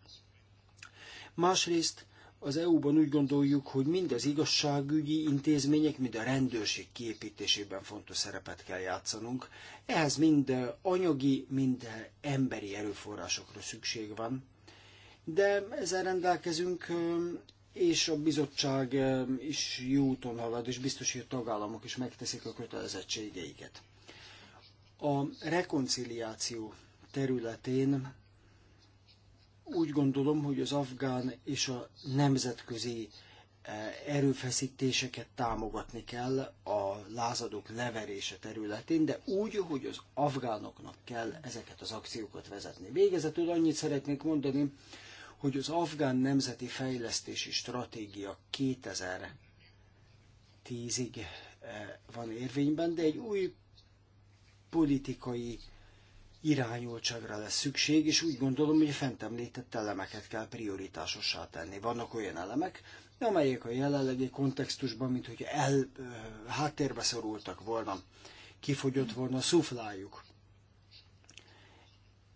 Másrészt az EU-ban úgy gondoljuk, hogy mind az igazságügyi intézmények, mind a rendőrség kiépítésében fontos szerepet kell játszanunk. Ehhez mind anyagi, mind emberi erőforrásokra szükség van de ezzel rendelkezünk, és a bizottság is jó úton halad, és biztos, hogy a tagállamok is megteszik a kötelezettségeiket. A rekonciliáció területén úgy gondolom, hogy az afgán és a nemzetközi erőfeszítéseket támogatni kell a lázadók leverése területén, de úgy, hogy az afgánoknak kell ezeket az akciókat vezetni. Végezetül annyit szeretnék mondani, hogy az Afgán Nemzeti Fejlesztési Stratégia 2010-ig eh, van érvényben, de egy új politikai irányultságra lesz szükség, és úgy gondolom, hogy a fent említett elemeket kell prioritásossá tenni. Vannak olyan elemek, amelyek a jelenlegi kontextusban, mint hogy el, eh, háttérbe szorultak volna, kifogyott volna a szuflájuk.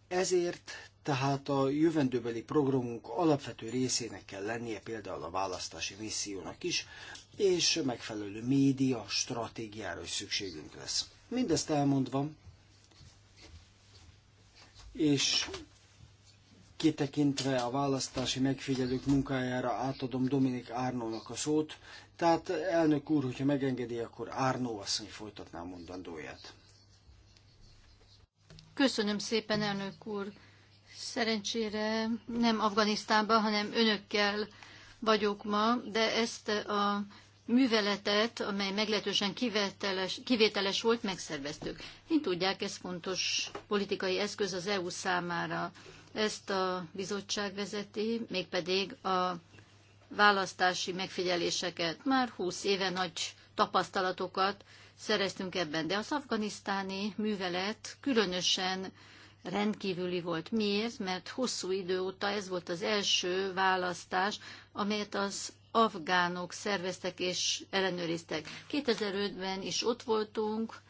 Ezért tehát a jövendőbeli programunk alapvető részének kell lennie például a választási missziónak is, és megfelelő média stratégiára is szükségünk lesz. Mindezt elmondva, és kitekintve a választási megfigyelők munkájára átadom Dominik Árnónak a szót, tehát elnök úr, hogyha megengedi, akkor Árnó asszony folytatná mondandóját. Köszönöm szépen, elnök úr! Szerencsére nem Afganisztánban, hanem önökkel vagyok ma, de ezt a műveletet, amely meglehetősen kivételes, kivételes volt, megszerveztük. Mint tudják, ez fontos politikai eszköz az EU számára. Ezt a bizottság vezeti, mégpedig a választási megfigyeléseket. Már 20 éve nagy tapasztalatokat szereztünk ebben, de az afganisztáni művelet különösen rendkívüli volt. Miért? Mert hosszú idő óta ez volt az első választás, amelyet az afgánok szerveztek és ellenőriztek. 2005-ben is ott voltunk,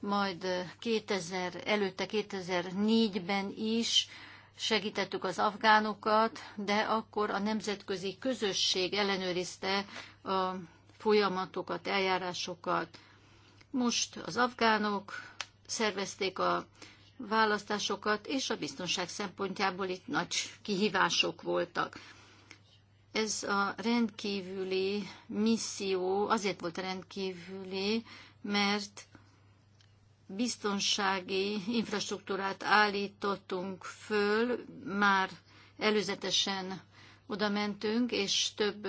majd 2000, előtte 2004-ben is segítettük az afgánokat, de akkor a nemzetközi közösség ellenőrizte a folyamatokat, eljárásokat. Most az afgánok szervezték a választásokat, és a biztonság szempontjából itt nagy kihívások voltak. Ez a rendkívüli misszió azért volt rendkívüli, mert biztonsági infrastruktúrát állítottunk föl, már előzetesen oda mentünk, és több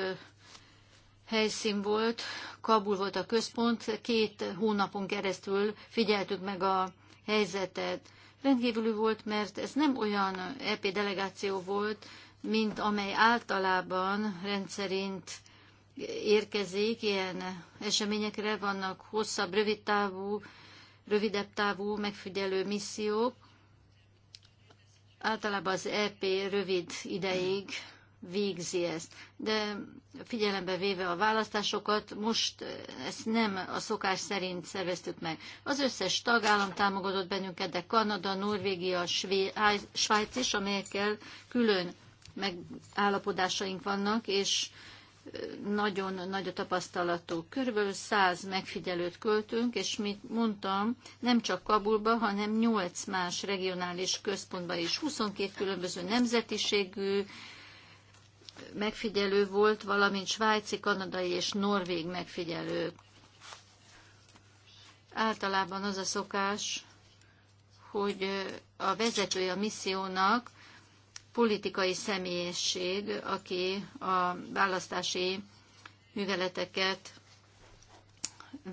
helyszín volt, Kabul volt a központ, két hónapon keresztül figyeltük meg a helyzetet rendkívüli volt, mert ez nem olyan EP delegáció volt, mint amely általában rendszerint érkezik, ilyen eseményekre vannak hosszabb, rövid távú, rövidebb távú megfigyelő missziók. Általában az EP rövid ideig végzi ezt. De figyelembe véve a választásokat, most ezt nem a szokás szerint szerveztük meg. Az összes tagállam támogatott bennünket, de Kanada, Norvégia, Svájc is, amelyekkel külön megállapodásaink vannak, és nagyon nagy a tapasztalatok. Körülbelül 100 megfigyelőt költünk, és mint mondtam, nem csak Kabulba, hanem nyolc más regionális központba is. 22 különböző nemzetiségű, megfigyelő volt, valamint svájci, kanadai és norvég megfigyelő. Általában az a szokás, hogy a vezetője a missziónak politikai személyesség, aki a választási műveleteket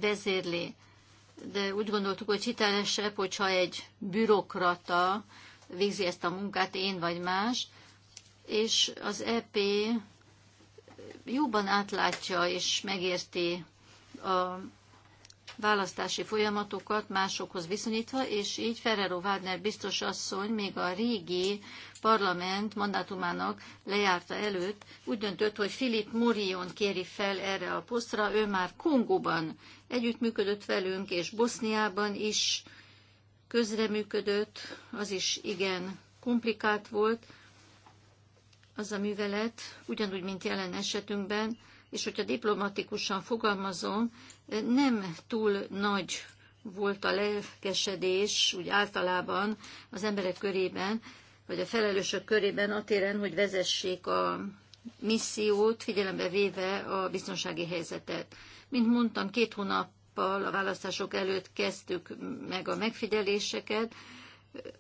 vezérli. De úgy gondoltuk, hogy hitelesebb, hogyha egy bürokrata végzi ezt a munkát, én vagy más, és az EP jobban átlátja és megérti a választási folyamatokat másokhoz viszonyítva, és így Ferrero Wagner biztos asszony még a régi parlament mandátumának lejárta előtt úgy döntött, hogy Philip Morion kéri fel erre a posztra, ő már Kongóban együttműködött velünk, és Boszniában is közreműködött, az is igen komplikált volt, az a művelet, ugyanúgy, mint jelen esetünkben, és hogyha diplomatikusan fogalmazom, nem túl nagy volt a lelkesedés úgy általában az emberek körében, vagy a felelősök körében a téren, hogy vezessék a missziót, figyelembe véve a biztonsági helyzetet. Mint mondtam, két hónappal a választások előtt kezdtük meg a megfigyeléseket,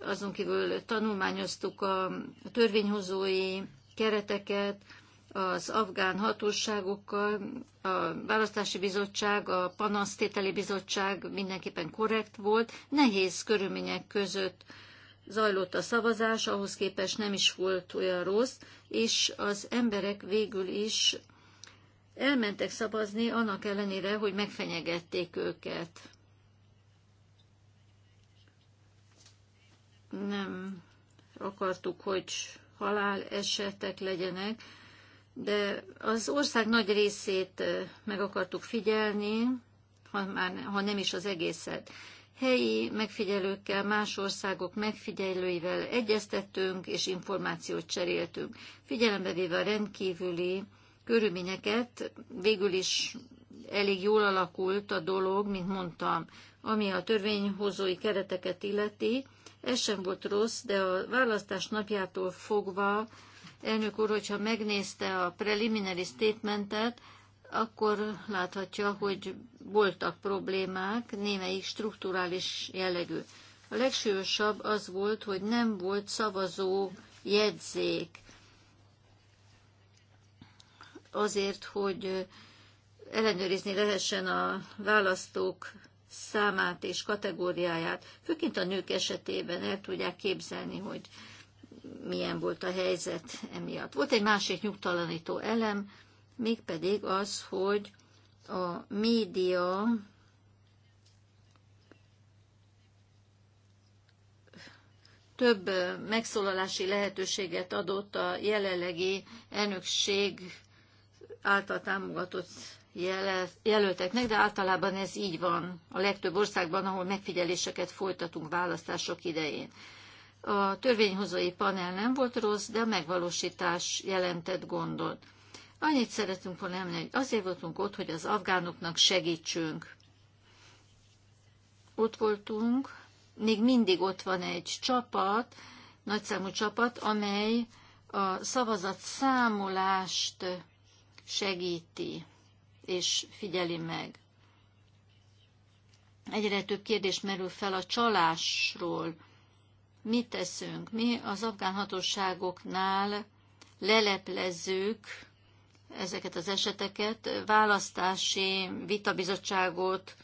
azon kívül tanulmányoztuk a törvényhozói kereteket az afgán hatóságokkal, a választási bizottság, a panasztételi bizottság mindenképpen korrekt volt. Nehéz körülmények között zajlott a szavazás, ahhoz képest nem is volt olyan rossz, és az emberek végül is elmentek szavazni annak ellenére, hogy megfenyegették őket. Nem akartuk, hogy Halál esetek legyenek, de az ország nagy részét meg akartuk figyelni, ha, már, ha nem is az egészet. Helyi megfigyelőkkel, más országok megfigyelőivel egyeztettünk és információt cseréltünk. Figyelembe véve a rendkívüli körülményeket, végül is elég jól alakult a dolog, mint mondtam, ami a törvényhozói kereteket illeti, ez sem volt rossz, de a választás napjától fogva, elnök úr, hogyha megnézte a preliminary statementet, akkor láthatja, hogy voltak problémák, némelyik strukturális jellegű. A legsúlyosabb az volt, hogy nem volt szavazó jegyzék azért, hogy ellenőrizni lehessen a választók számát és kategóriáját, főként a nők esetében el tudják képzelni, hogy milyen volt a helyzet emiatt. Volt egy másik nyugtalanító elem, mégpedig az, hogy a média több megszólalási lehetőséget adott a jelenlegi elnökség által támogatott jelölteknek, de általában ez így van a legtöbb országban, ahol megfigyeléseket folytatunk választások idején. A törvényhozói panel nem volt rossz, de a megvalósítás jelentett gondot. Annyit szeretünk volna emlni, hogy azért voltunk ott, hogy az afgánoknak segítsünk. Ott voltunk, még mindig ott van egy csapat, nagyszámú csapat, amely a szavazat számolást segíti és figyeli meg. Egyre több kérdés merül fel a csalásról. Mit teszünk? Mi az afgán hatóságoknál leleplezzük ezeket az eseteket, választási vitabizottságot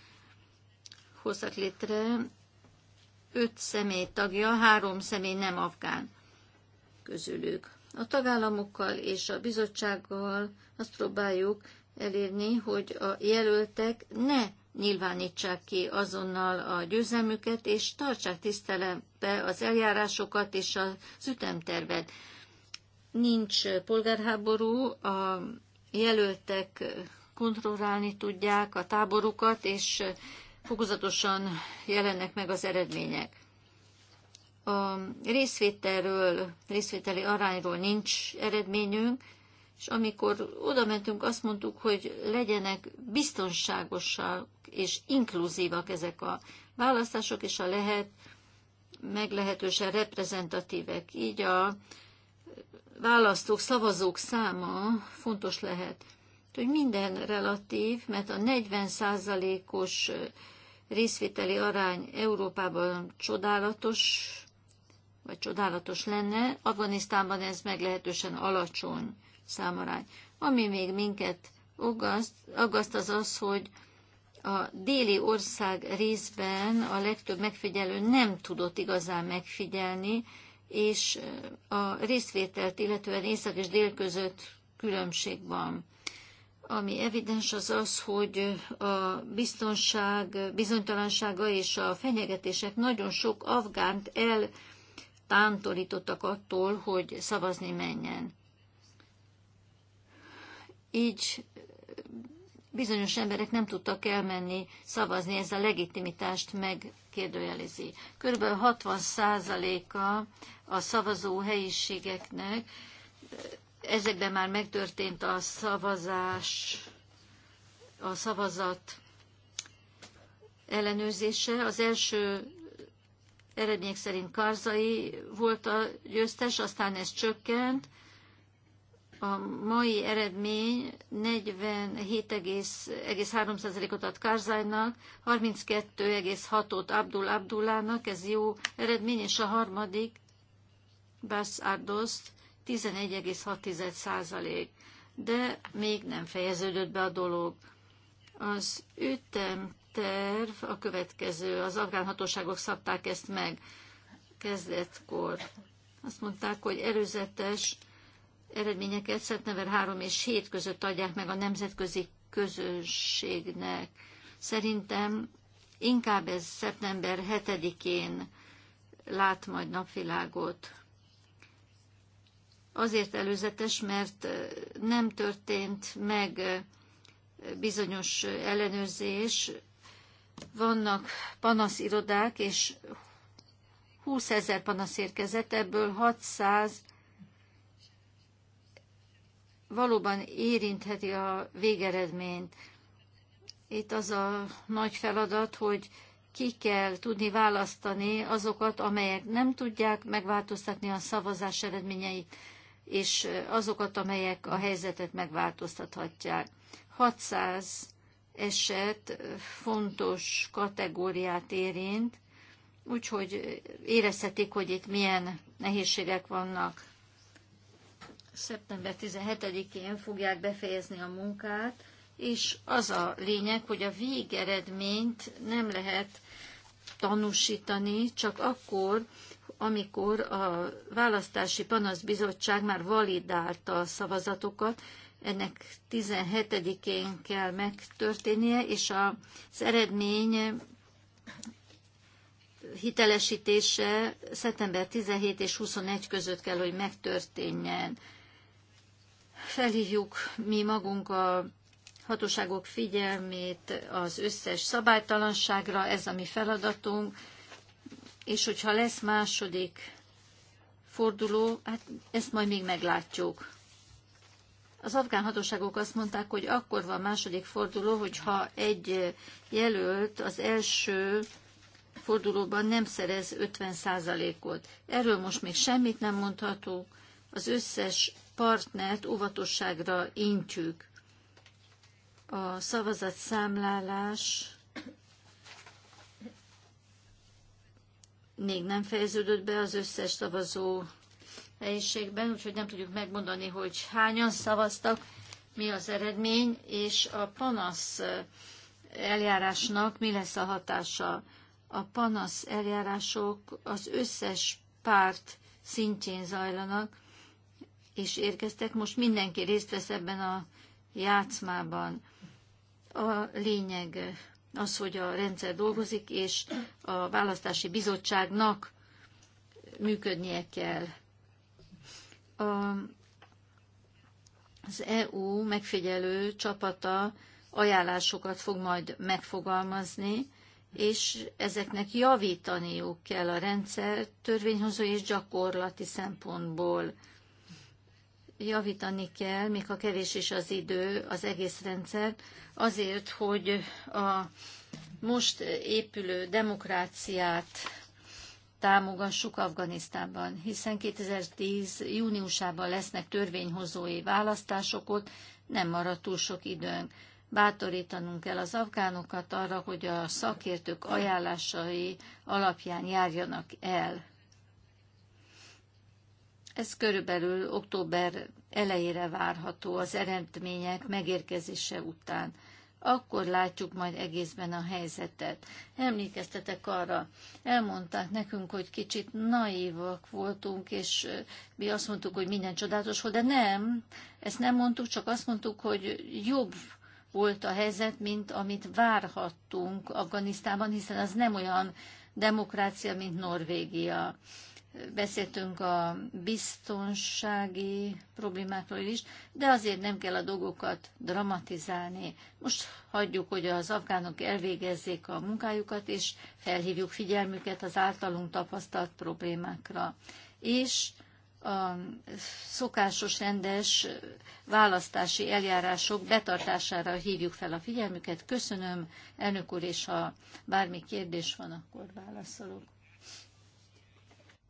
hoztak létre, öt személy tagja, három személy nem afgán közülük. A tagállamokkal és a bizottsággal azt próbáljuk elérni, hogy a jelöltek ne nyilvánítsák ki azonnal a győzelmüket, és tartsák tisztelembe az eljárásokat és az ütemtervet. Nincs polgárháború, a jelöltek kontrollálni tudják a táborukat, és fokozatosan jelennek meg az eredmények. A részvételről, részvételi arányról nincs eredményünk, és amikor oda mentünk, azt mondtuk, hogy legyenek biztonságosak és inkluzívak ezek a választások, és a lehet meglehetősen reprezentatívek. Így a választók, szavazók száma fontos lehet. Hogy minden relatív, mert a 40%-os részvételi arány Európában csodálatos, vagy csodálatos lenne, Afganisztánban ez meglehetősen alacsony számarány. Ami még minket aggaszt, aggaszt az az, hogy a déli ország részben a legtöbb megfigyelő nem tudott igazán megfigyelni, és a részvételt, illetően észak és dél között különbség van. Ami evidens az az, hogy a biztonság bizonytalansága és a fenyegetések nagyon sok afgánt eltántorítottak attól, hogy szavazni menjen így bizonyos emberek nem tudtak elmenni szavazni, ez a legitimitást megkérdőjelezi. Körülbelül 60 százaléka a szavazó helyiségeknek, ezekben már megtörtént a szavazás, a szavazat ellenőrzése. Az első eredmények szerint Karzai volt a győztes, aztán ez csökkent, a mai eredmény 47,3%-ot ad Kárzájnak, 32,6-ot Abdul Abdullának, ez jó eredmény, és a harmadik Bas Ardoszt 11,6%. De még nem fejeződött be a dolog. Az ütemterv a következő. Az afgán hatóságok szabták ezt meg kezdetkor. Azt mondták, hogy előzetes eredményeket szeptember 3 és 7 között adják meg a nemzetközi közösségnek. Szerintem inkább ez szeptember 7-én lát majd napvilágot. Azért előzetes, mert nem történt meg bizonyos ellenőrzés, vannak panaszirodák, és 20 ezer panasz érkezett, ebből 600 valóban érintheti a végeredményt. Itt az a nagy feladat, hogy ki kell tudni választani azokat, amelyek nem tudják megváltoztatni a szavazás eredményeit, és azokat, amelyek a helyzetet megváltoztathatják. 600 eset fontos kategóriát érint, úgyhogy érezhetik, hogy itt milyen nehézségek vannak szeptember 17-én fogják befejezni a munkát, és az a lényeg, hogy a végeredményt nem lehet tanúsítani, csak akkor, amikor a választási panaszbizottság már validálta a szavazatokat, ennek 17-én kell megtörténnie, és az eredmény hitelesítése szeptember 17 és 21 között kell, hogy megtörténjen felhívjuk mi magunk a hatóságok figyelmét az összes szabálytalanságra, ez a mi feladatunk, és hogyha lesz második forduló, hát ezt majd még meglátjuk. Az afgán hatóságok azt mondták, hogy akkor van második forduló, hogyha egy jelölt az első fordulóban nem szerez 50%-ot. Erről most még semmit nem mondhatunk. Az összes partnert óvatosságra intjük. A szavazatszámlálás még nem fejeződött be az összes szavazó helyiségben, úgyhogy nem tudjuk megmondani, hogy hányan szavaztak, mi az eredmény, és a panasz eljárásnak mi lesz a hatása. A panasz eljárások az összes párt szintjén zajlanak, is érkeztek. Most mindenki részt vesz ebben a játszmában. A lényeg az, hogy a rendszer dolgozik, és a választási bizottságnak működnie kell. A, az EU megfigyelő csapata ajánlásokat fog majd megfogalmazni, és ezeknek javítaniuk kell a rendszer törvényhozó és gyakorlati szempontból javítani kell, még ha kevés is az idő, az egész rendszer, azért, hogy a most épülő demokráciát támogassuk Afganisztánban, hiszen 2010 júniusában lesznek törvényhozói választások, ott nem marad túl sok időnk. Bátorítanunk kell az afgánokat arra, hogy a szakértők ajánlásai alapján járjanak el. Ez körülbelül október elejére várható az eredmények megérkezése után. Akkor látjuk majd egészben a helyzetet. Emlékeztetek arra, elmondták nekünk, hogy kicsit naívak voltunk, és mi azt mondtuk, hogy minden csodálatos volt, de nem, ezt nem mondtuk, csak azt mondtuk, hogy jobb volt a helyzet, mint amit várhattunk Afganisztánban, hiszen az nem olyan demokrácia, mint Norvégia beszéltünk a biztonsági problémákról is, de azért nem kell a dolgokat dramatizálni. Most hagyjuk, hogy az afgánok elvégezzék a munkájukat, és felhívjuk figyelmüket az általunk tapasztalt problémákra. És a szokásos, rendes választási eljárások betartására hívjuk fel a figyelmüket. Köszönöm, elnök úr, és ha bármi kérdés van, akkor válaszolok.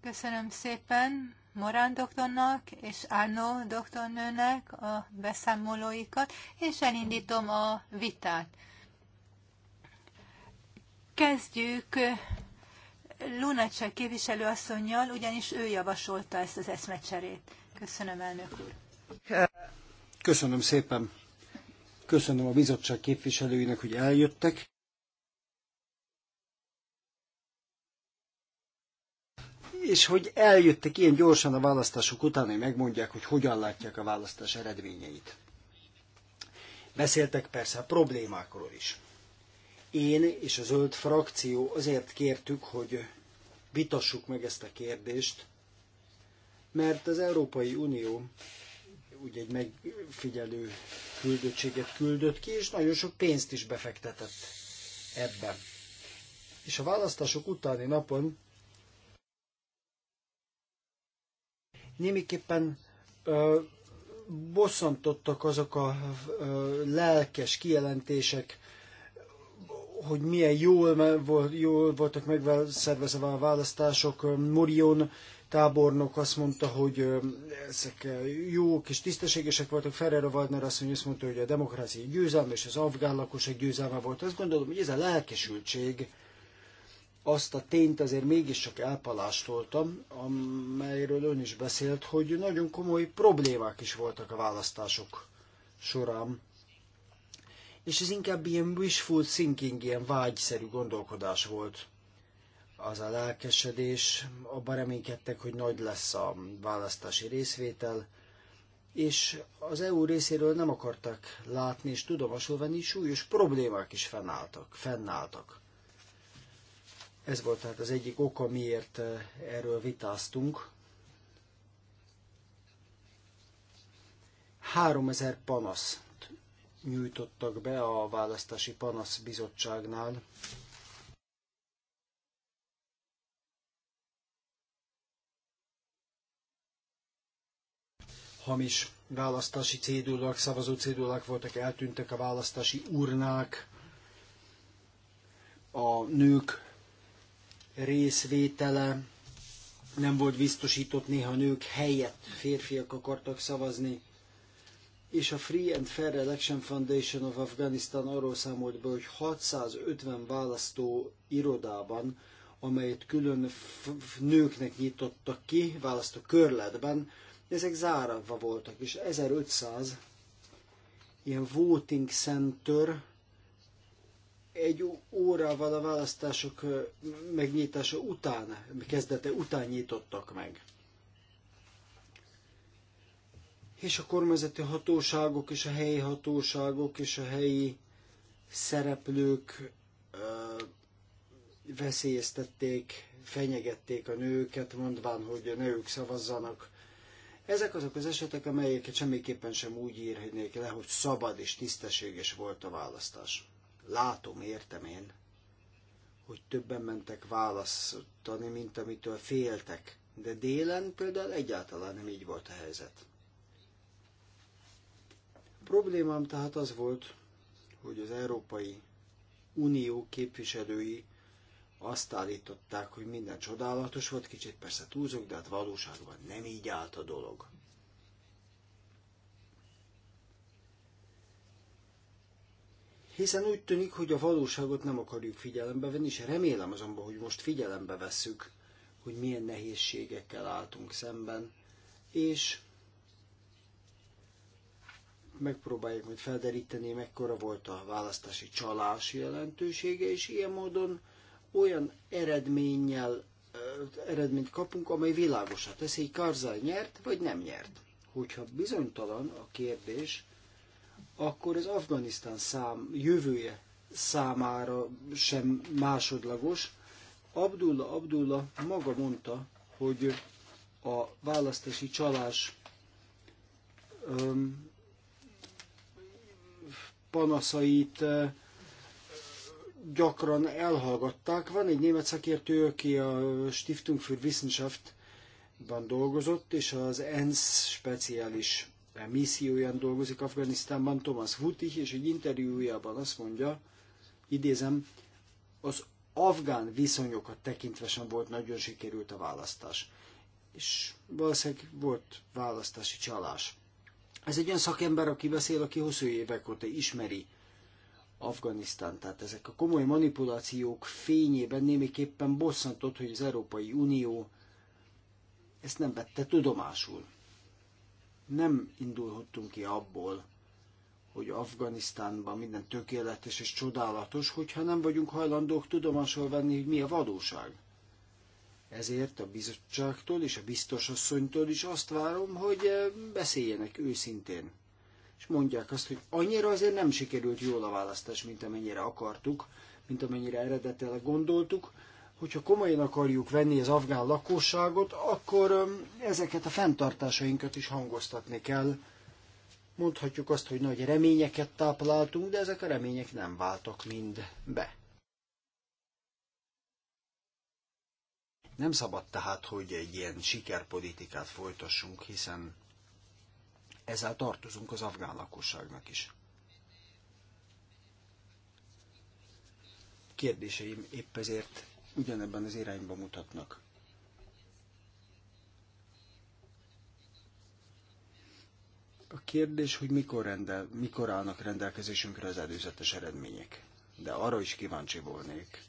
Köszönöm szépen Morán doktornak és Arno doktornőnek a beszámolóikat, és elindítom a vitát. Kezdjük Lunacek képviselőasszonynal, ugyanis ő javasolta ezt az eszmecserét. Köszönöm, elnök úr. Köszönöm szépen. Köszönöm a bizottság képviselőinek, hogy eljöttek. és hogy eljöttek ilyen gyorsan a választások után, hogy megmondják, hogy hogyan látják a választás eredményeit. Beszéltek persze a problémákról is. Én és a zöld frakció azért kértük, hogy vitassuk meg ezt a kérdést, mert az Európai Unió ugye egy megfigyelő küldöttséget küldött ki, és nagyon sok pénzt is befektetett ebben. És a választások utáni napon Némiképpen ö, bosszantottak azok a ö, lelkes kijelentések, hogy milyen jól, jól voltak megszervezve a választások. Morion tábornok azt mondta, hogy ezek jók és tisztességesek voltak. Ferrer Waldner azt mondta, hogy a demokrácia győzelme és az afgán lakosság győzelme volt. Azt gondolom, hogy ez a lelkesültség azt a tényt azért mégiscsak elpalástoltam, amelyről ön is beszélt, hogy nagyon komoly problémák is voltak a választások során. És ez inkább ilyen wishful thinking, ilyen vágyszerű gondolkodás volt. Az a lelkesedés, abban reménykedtek, hogy nagy lesz a választási részvétel, és az EU részéről nem akartak látni és tudomásul venni, súlyos problémák is fennálltak. fennálltak. Ez volt tehát az egyik oka, miért eh, erről vitáztunk. 3000 panasz nyújtottak be a választási panasz bizottságnál. Hamis választási cédulák, szavazó cédulák voltak, eltűntek a választási urnák, a nők részvétele nem volt biztosított, néha nők helyett férfiak akartak szavazni, és a Free and Fair Election Foundation of Afghanistan arról számolt be, hogy 650 választó irodában, amelyet külön nőknek nyitottak ki, választó körletben, ezek zárva voltak, és 1500 ilyen voting center egy órával a választások megnyitása után, kezdete után nyitottak meg. És a kormányzati hatóságok és a helyi hatóságok és a helyi szereplők ö, veszélyeztették, fenyegették a nőket, mondván, hogy a nők szavazzanak. Ezek azok az esetek, amelyeket semmiképpen sem úgy írhatnék le, hogy szabad és tisztességes volt a választás látom, értem én, hogy többen mentek választani, mint amitől féltek. De délen például egyáltalán nem így volt a helyzet. A problémám tehát az volt, hogy az Európai Unió képviselői azt állították, hogy minden csodálatos volt, kicsit persze túlzok, de hát valóságban nem így állt a dolog. hiszen úgy tűnik, hogy a valóságot nem akarjuk figyelembe venni, és remélem azonban, hogy most figyelembe vesszük, hogy milyen nehézségekkel álltunk szemben, és megpróbáljuk majd felderíteni, mekkora volt a választási csalás jelentősége, és ilyen módon olyan eredménnyel, eredményt kapunk, amely világosat teszi, hogy Karzai nyert, vagy nem nyert. Hogyha bizonytalan a kérdés, akkor az Afganisztán szám jövője számára sem másodlagos. Abdullah Abdulla maga mondta, hogy a választási csalás öm, panaszait gyakran elhallgatták. Van egy német szakértő, aki a Stiftung für Wissenschaft dolgozott, és az ENSZ speciális misszióján dolgozik Afganisztánban, Thomas Hutich, és egy interjújában azt mondja, idézem, az afgán viszonyokat tekintve sem volt nagyon sikerült a választás. És valószínűleg volt választási csalás. Ez egy olyan szakember, aki beszél, aki hosszú évek óta ismeri Afganisztán. Tehát ezek a komoly manipulációk fényében némiképpen bosszantott, hogy az Európai Unió ezt nem vette tudomásul nem indulhattunk ki abból, hogy Afganisztánban minden tökéletes és csodálatos, hogyha nem vagyunk hajlandók tudomásul venni, hogy mi a valóság. Ezért a bizottságtól és a biztosasszonytól is azt várom, hogy eh, beszéljenek őszintén. És mondják azt, hogy annyira azért nem sikerült jól a választás, mint amennyire akartuk, mint amennyire eredetileg gondoltuk, hogyha komolyan akarjuk venni az afgán lakosságot, akkor ezeket a fenntartásainkat is hangoztatni kell. Mondhatjuk azt, hogy nagy reményeket tápláltunk, de ezek a remények nem váltak mind be. Nem szabad tehát, hogy egy ilyen sikerpolitikát folytassunk, hiszen ezzel tartozunk az afgán lakosságnak is. Kérdéseim épp ezért ugyanebben az irányba mutatnak. A kérdés, hogy mikor, rendel, mikor állnak rendelkezésünkre az előzetes eredmények. De arra is kíváncsi volnék,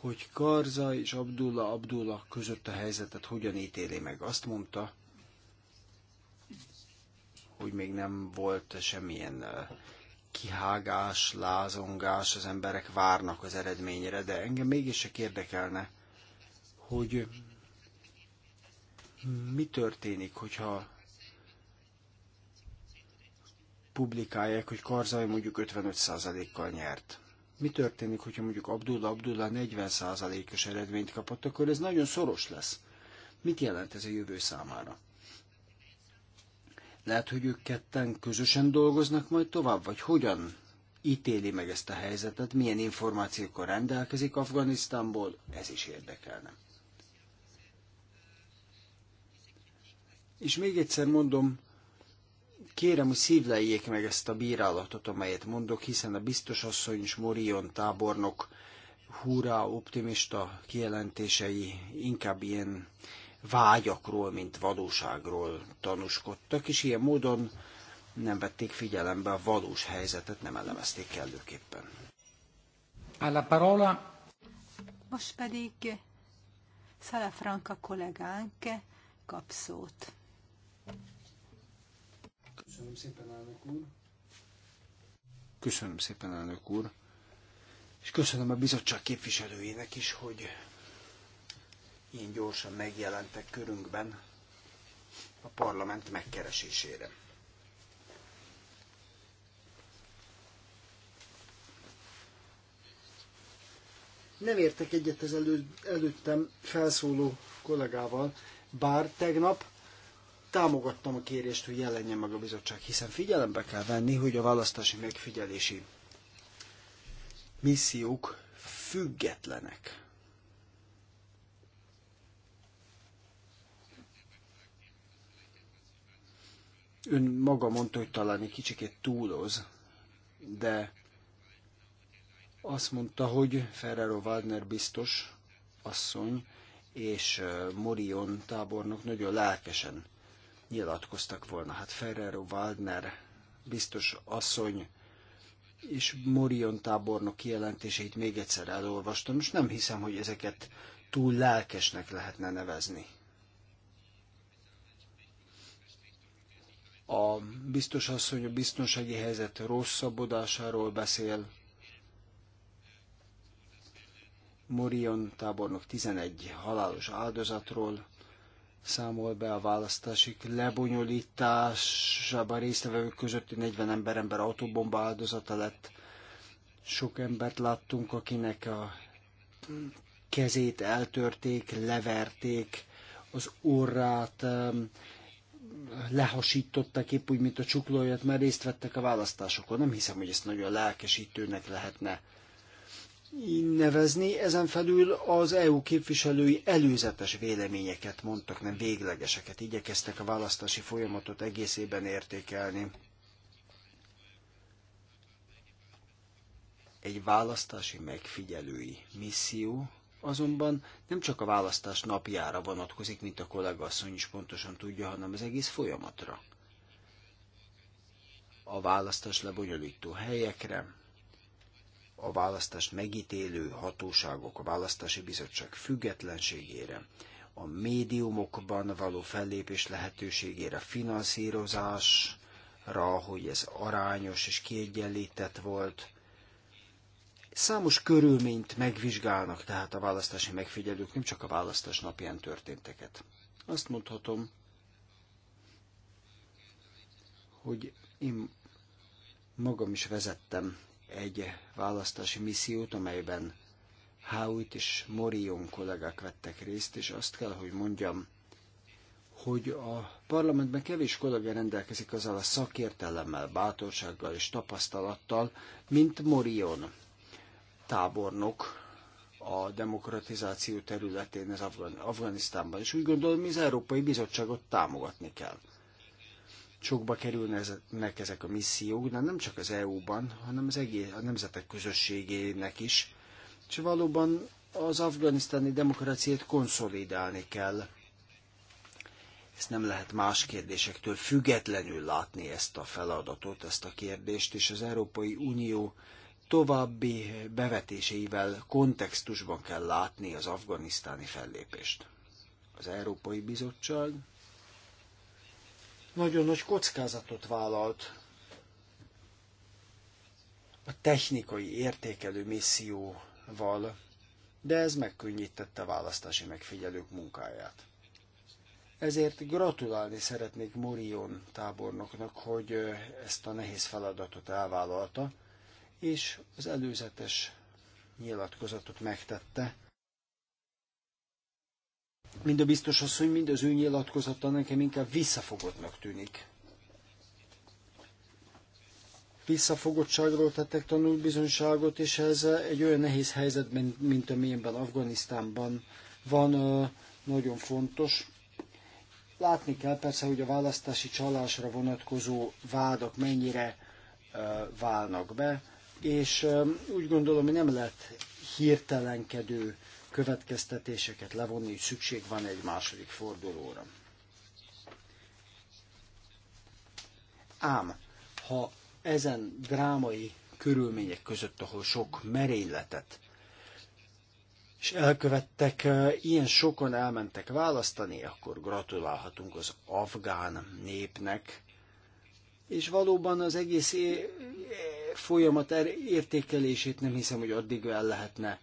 hogy Karza és Abdullah Abdullah között a helyzetet hogyan ítéli meg. Azt mondta, hogy még nem volt semmilyen kihágás, lázongás, az emberek várnak az eredményre, de engem mégis csak érdekelne, hogy mi történik, hogyha publikálják, hogy Karzai mondjuk 55%-kal nyert. Mi történik, hogyha mondjuk Abdullah Abdullah 40%-os eredményt kapott, akkor ez nagyon szoros lesz. Mit jelent ez a jövő számára? Lehet, hogy ők ketten közösen dolgoznak majd tovább, vagy hogyan ítéli meg ezt a helyzetet, milyen információkkal rendelkezik Afganisztánból, ez is érdekelne. És még egyszer mondom, kérem, hogy szívleljék meg ezt a bírálatot, amelyet mondok, hiszen a biztos asszony és Morion tábornok húrá optimista kijelentései inkább ilyen vágyakról, mint valóságról tanúskodtak, és ilyen módon nem vették figyelembe a valós helyzetet, nem elemezték kellőképpen. Alla parola. Most pedig Salafranca kollégánk kap szót. Köszönöm szépen, elnök úr. Köszönöm szépen, elnök úr. És köszönöm a bizottság képviselőjének is, hogy ilyen gyorsan megjelentek körünkben a parlament megkeresésére. Nem értek egyet az elő, előttem felszóló kollégával, bár tegnap támogattam a kérést, hogy jelenjen meg a bizottság, hiszen figyelembe kell venni, hogy a választási megfigyelési missziók függetlenek Ön maga mondta, hogy talán egy kicsikét túloz, de azt mondta, hogy Ferrero Wagner biztos asszony és Morion tábornok nagyon lelkesen nyilatkoztak volna. Hát Ferrero Wagner biztos asszony és Morion tábornok kijelentéseit még egyszer elolvastam, és nem hiszem, hogy ezeket túl lelkesnek lehetne nevezni. A biztos asszony a biztonsági helyzet rosszabbodásáról beszél. Morion tábornok 11 halálos áldozatról számol be a választásik lebonyolításában résztvevők közötti 40 ember ember autóbomba áldozata lett. Sok embert láttunk, akinek a kezét eltörték, leverték, az orrát, lehasítottak épp úgy, mint a csuklóját, mert részt vettek a választásokon. Nem hiszem, hogy ezt nagyon lelkesítőnek lehetne nevezni. Ezen felül az EU képviselői előzetes véleményeket mondtak, nem véglegeseket. Igyekeztek a választási folyamatot egészében értékelni. Egy választási megfigyelői misszió azonban nem csak a választás napjára vonatkozik, mint a kollega asszony is pontosan tudja, hanem az egész folyamatra. A választás lebonyolító helyekre, a választást megítélő hatóságok, a választási bizottság függetlenségére, a médiumokban való fellépés lehetőségére, finanszírozásra, hogy ez arányos és kiegyenlített volt, Számos körülményt megvizsgálnak tehát a választási megfigyelők, nem csak a választás napján történteket. Azt mondhatom, hogy én magam is vezettem egy választási missziót, amelyben Howitt és Morion kollégák vettek részt, és azt kell, hogy mondjam, hogy a parlamentben kevés kollega rendelkezik azzal a szakértelemmel, bátorsággal és tapasztalattal, mint Morion tábornok a demokratizáció területén, az Afganisztánban, és úgy gondolom, hogy az Európai Bizottságot támogatni kell. Sokba kerülnek ezek a missziók, de nem csak az EU-ban, hanem az egész, a nemzetek közösségének is. És valóban az afganisztáni demokráciát konszolidálni kell. Ezt nem lehet más kérdésektől függetlenül látni ezt a feladatot, ezt a kérdést, és az Európai Unió további bevetéseivel kontextusban kell látni az afganisztáni fellépést. Az Európai Bizottság nagyon nagy kockázatot vállalt a technikai értékelő misszióval, de ez megkönnyítette a választási megfigyelők munkáját. Ezért gratulálni szeretnék Morion tábornoknak, hogy ezt a nehéz feladatot elvállalta, és az előzetes nyilatkozatot megtette. Mind a biztos asszony, mind az ő nyilatkozata nekem inkább visszafogottnak tűnik. Visszafogottságról tettek bizonyságot, és ez egy olyan nehéz helyzet, mint amilyenben Afganisztánban van, nagyon fontos. Látni kell persze, hogy a választási csalásra vonatkozó vádak mennyire válnak be és úgy gondolom, hogy nem lehet hirtelenkedő következtetéseket levonni, hogy szükség van egy második fordulóra. Ám, ha ezen drámai körülmények között, ahol sok merényletet és elkövettek, ilyen sokan elmentek választani, akkor gratulálhatunk az afgán népnek, és valóban az egész folyamat er- értékelését nem hiszem, hogy addig el lehetne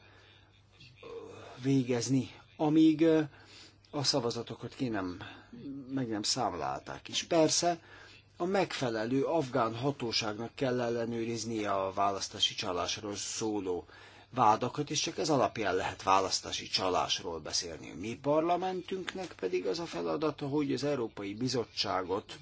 végezni, amíg a szavazatokat ki nem, meg nem számlálták. És persze a megfelelő afgán hatóságnak kell ellenőrizni a választási csalásról szóló vádakat, és csak ez alapján lehet választási csalásról beszélni. Mi parlamentünknek pedig az a feladata, hogy az Európai Bizottságot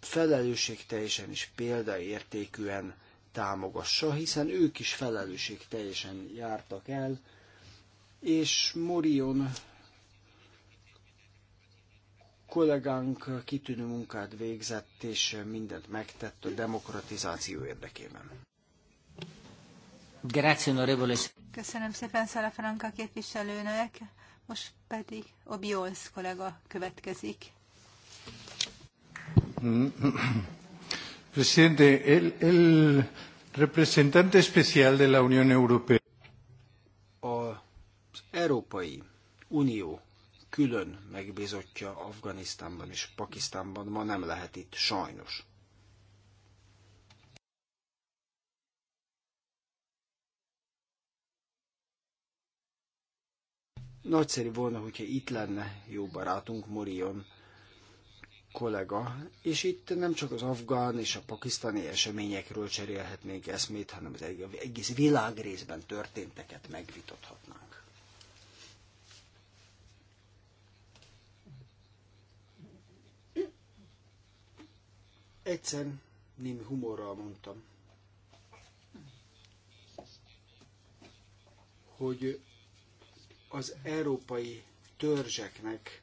felelősségteljesen és példaértékűen támogassa, hiszen ők is felelősségteljesen jártak el, és Morion kollégánk kitűnő munkát végzett, és mindent megtett a demokratizáció érdekében. Köszönöm szépen Szala Franka képviselőnek, most pedig Obiolsz kollega következik. Mm-hmm. Presidente, el, el representante especial de la Unión Europea. Az Európai Unió külön megbízottja Afganisztánban és Pakisztánban ma nem lehet itt, sajnos. Nagyszerű volna, hogyha itt lenne jó barátunk Morion, kollega, és itt nem csak az afgán és a pakisztáni eseményekről cserélhetnénk eszmét, hanem az egész világ részben történteket megvitathatnánk. Egyszer némi humorral mondtam, hogy az európai törzseknek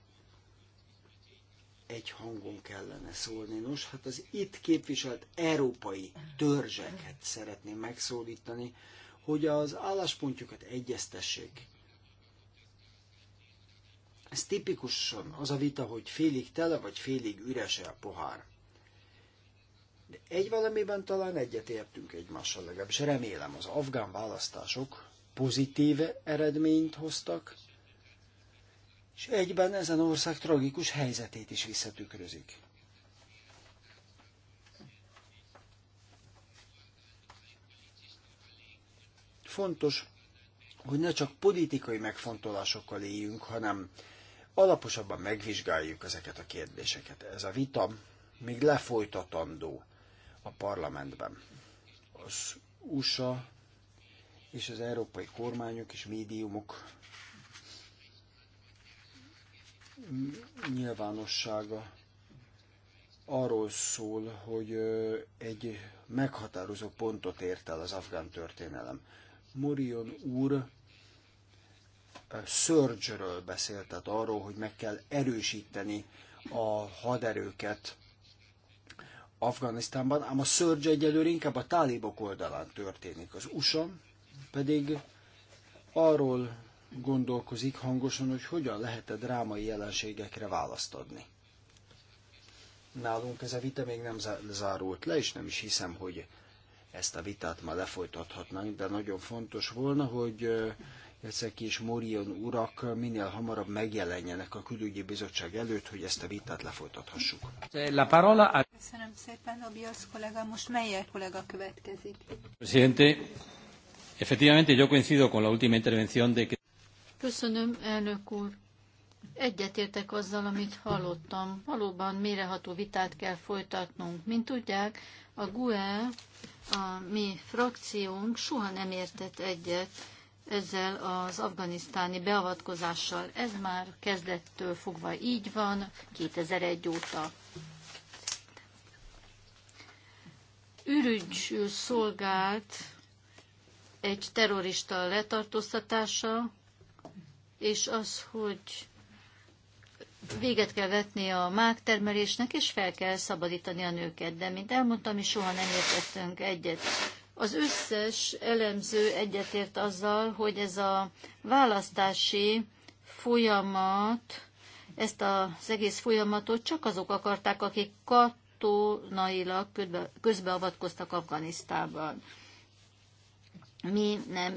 egy hangon kellene szólni. Nos, hát az itt képviselt európai törzseket szeretném megszólítani, hogy az álláspontjukat egyeztessék. Ez tipikusan az a vita, hogy félig tele vagy félig üres-e a pohár. De egy valamiben talán egyetértünk egymással legalábbis. Remélem az afgán választások pozitív eredményt hoztak, és egyben ezen ország tragikus helyzetét is visszatükrözik. Fontos, hogy ne csak politikai megfontolásokkal éljünk, hanem alaposabban megvizsgáljuk ezeket a kérdéseket. Ez a vita még lefolytatandó a parlamentben. Az USA és az európai kormányok és médiumok nyilvánossága arról szól, hogy egy meghatározó pontot ért el az afgán történelem. Morion úr surge beszélt, tehát arról, hogy meg kell erősíteni a haderőket Afganisztánban, ám a surge egyelőre inkább a tálibok oldalán történik. Az USA pedig arról gondolkozik hangosan, hogy hogyan lehet a drámai jelenségekre választ adni. Nálunk ez a vita még nem zárult le, és nem is hiszem, hogy ezt a vitát már lefolytathatnánk, de nagyon fontos volna, hogy Jacek és Morion urak minél hamarabb megjelenjenek a külügyi bizottság előtt, hogy ezt a vitát lefolytathassuk. La parola a... Köszönöm szépen, Obiasz kollega. Most melyek kollega következik. Presidente, efectivamente yo coincido con la última intervención de... Köszönöm, elnök úr. Egyetértek azzal, amit hallottam. Valóban méreható vitát kell folytatnunk. Mint tudják, a GUE, a mi frakciónk soha nem értett egyet ezzel az afganisztáni beavatkozással. Ez már kezdettől fogva így van, 2001 óta. Ürügy szolgált egy terrorista letartóztatása, és az, hogy véget kell vetni a mágtermelésnek, és fel kell szabadítani a nőket. De, mint elmondtam, mi soha nem értettünk egyet. Az összes elemző egyetért azzal, hogy ez a választási folyamat, ezt az egész folyamatot csak azok akarták, akik katonailag közbeavatkoztak Afganisztában. Mi nem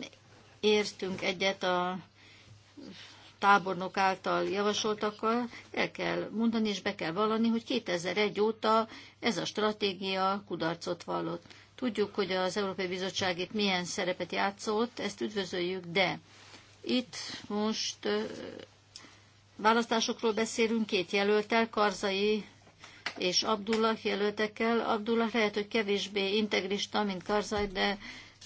értünk egyet a tábornok által javasoltakkal el kell mondani és be kell vallani, hogy 2001 óta ez a stratégia kudarcot vallott. Tudjuk, hogy az Európai Bizottság itt milyen szerepet játszott, ezt üdvözöljük, de itt most választásokról beszélünk két jelöltel, Karzai és Abdullah jelöltekkel. Abdullah lehet, hogy kevésbé integrista, mint Karzai, de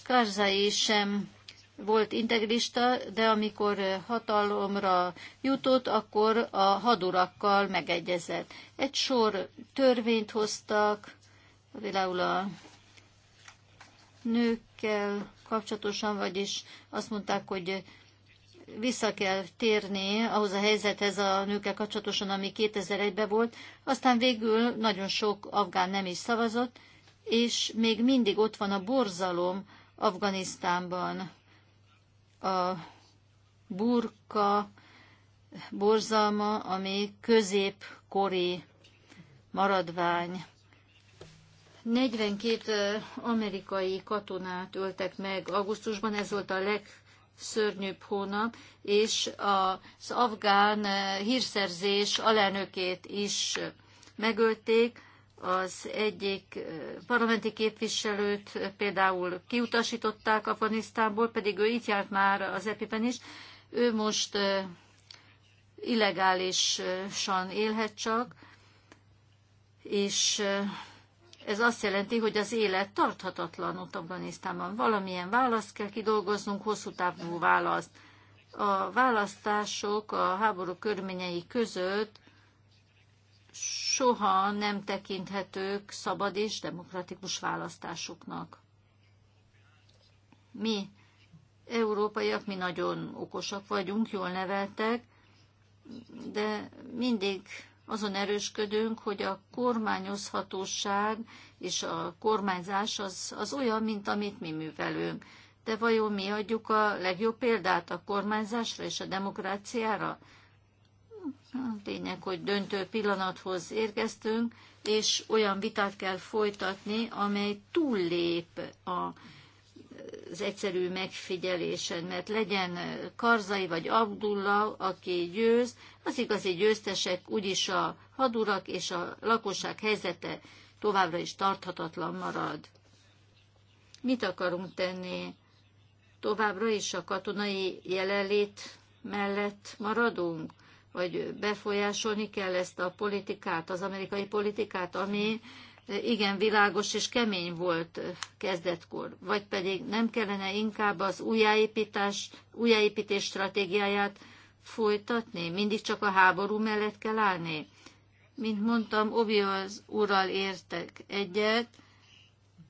Karzai sem volt integrista, de amikor hatalomra jutott, akkor a hadurakkal megegyezett. Egy sor törvényt hoztak, például a nőkkel kapcsolatosan, vagyis azt mondták, hogy vissza kell térni ahhoz a helyzethez a nőkkel kapcsolatosan, ami 2001-ben volt. Aztán végül nagyon sok afgán nem is szavazott, és még mindig ott van a borzalom Afganisztánban a burka borzalma, ami középkori maradvány. 42 amerikai katonát öltek meg augusztusban, ez volt a legszörnyűbb hónap, és az afgán hírszerzés alelnökét is megölték, az egyik parlamenti képviselőt például kiutasították Afganisztánból, pedig ő itt járt már az EPI-ben is. Ő most illegálisan élhet csak, és ez azt jelenti, hogy az élet tarthatatlan ott Afganisztánban. Valamilyen választ kell kidolgoznunk, hosszú távú választ. A választások a háború körményei között soha nem tekinthetők szabad és demokratikus választásoknak. Mi, európaiak, mi nagyon okosak vagyunk, jól neveltek, de mindig azon erősködünk, hogy a kormányozhatóság és a kormányzás az, az olyan, mint amit mi művelünk. De vajon mi adjuk a legjobb példát a kormányzásra és a demokráciára? Tényleg, hogy döntő pillanathoz érkeztünk, és olyan vitát kell folytatni, amely túllép a az egyszerű megfigyelésen, mert legyen Karzai vagy Abdullah, aki győz, az igazi győztesek úgyis a hadurak és a lakosság helyzete továbbra is tarthatatlan marad. Mit akarunk tenni? Továbbra is a katonai jelenlét mellett maradunk? vagy befolyásolni kell ezt a politikát, az amerikai politikát, ami igen világos és kemény volt kezdetkor, vagy pedig nem kellene inkább az újjáépítás, újjáépítés stratégiáját folytatni, mindig csak a háború mellett kell állni. Mint mondtam, az úrral értek egyet,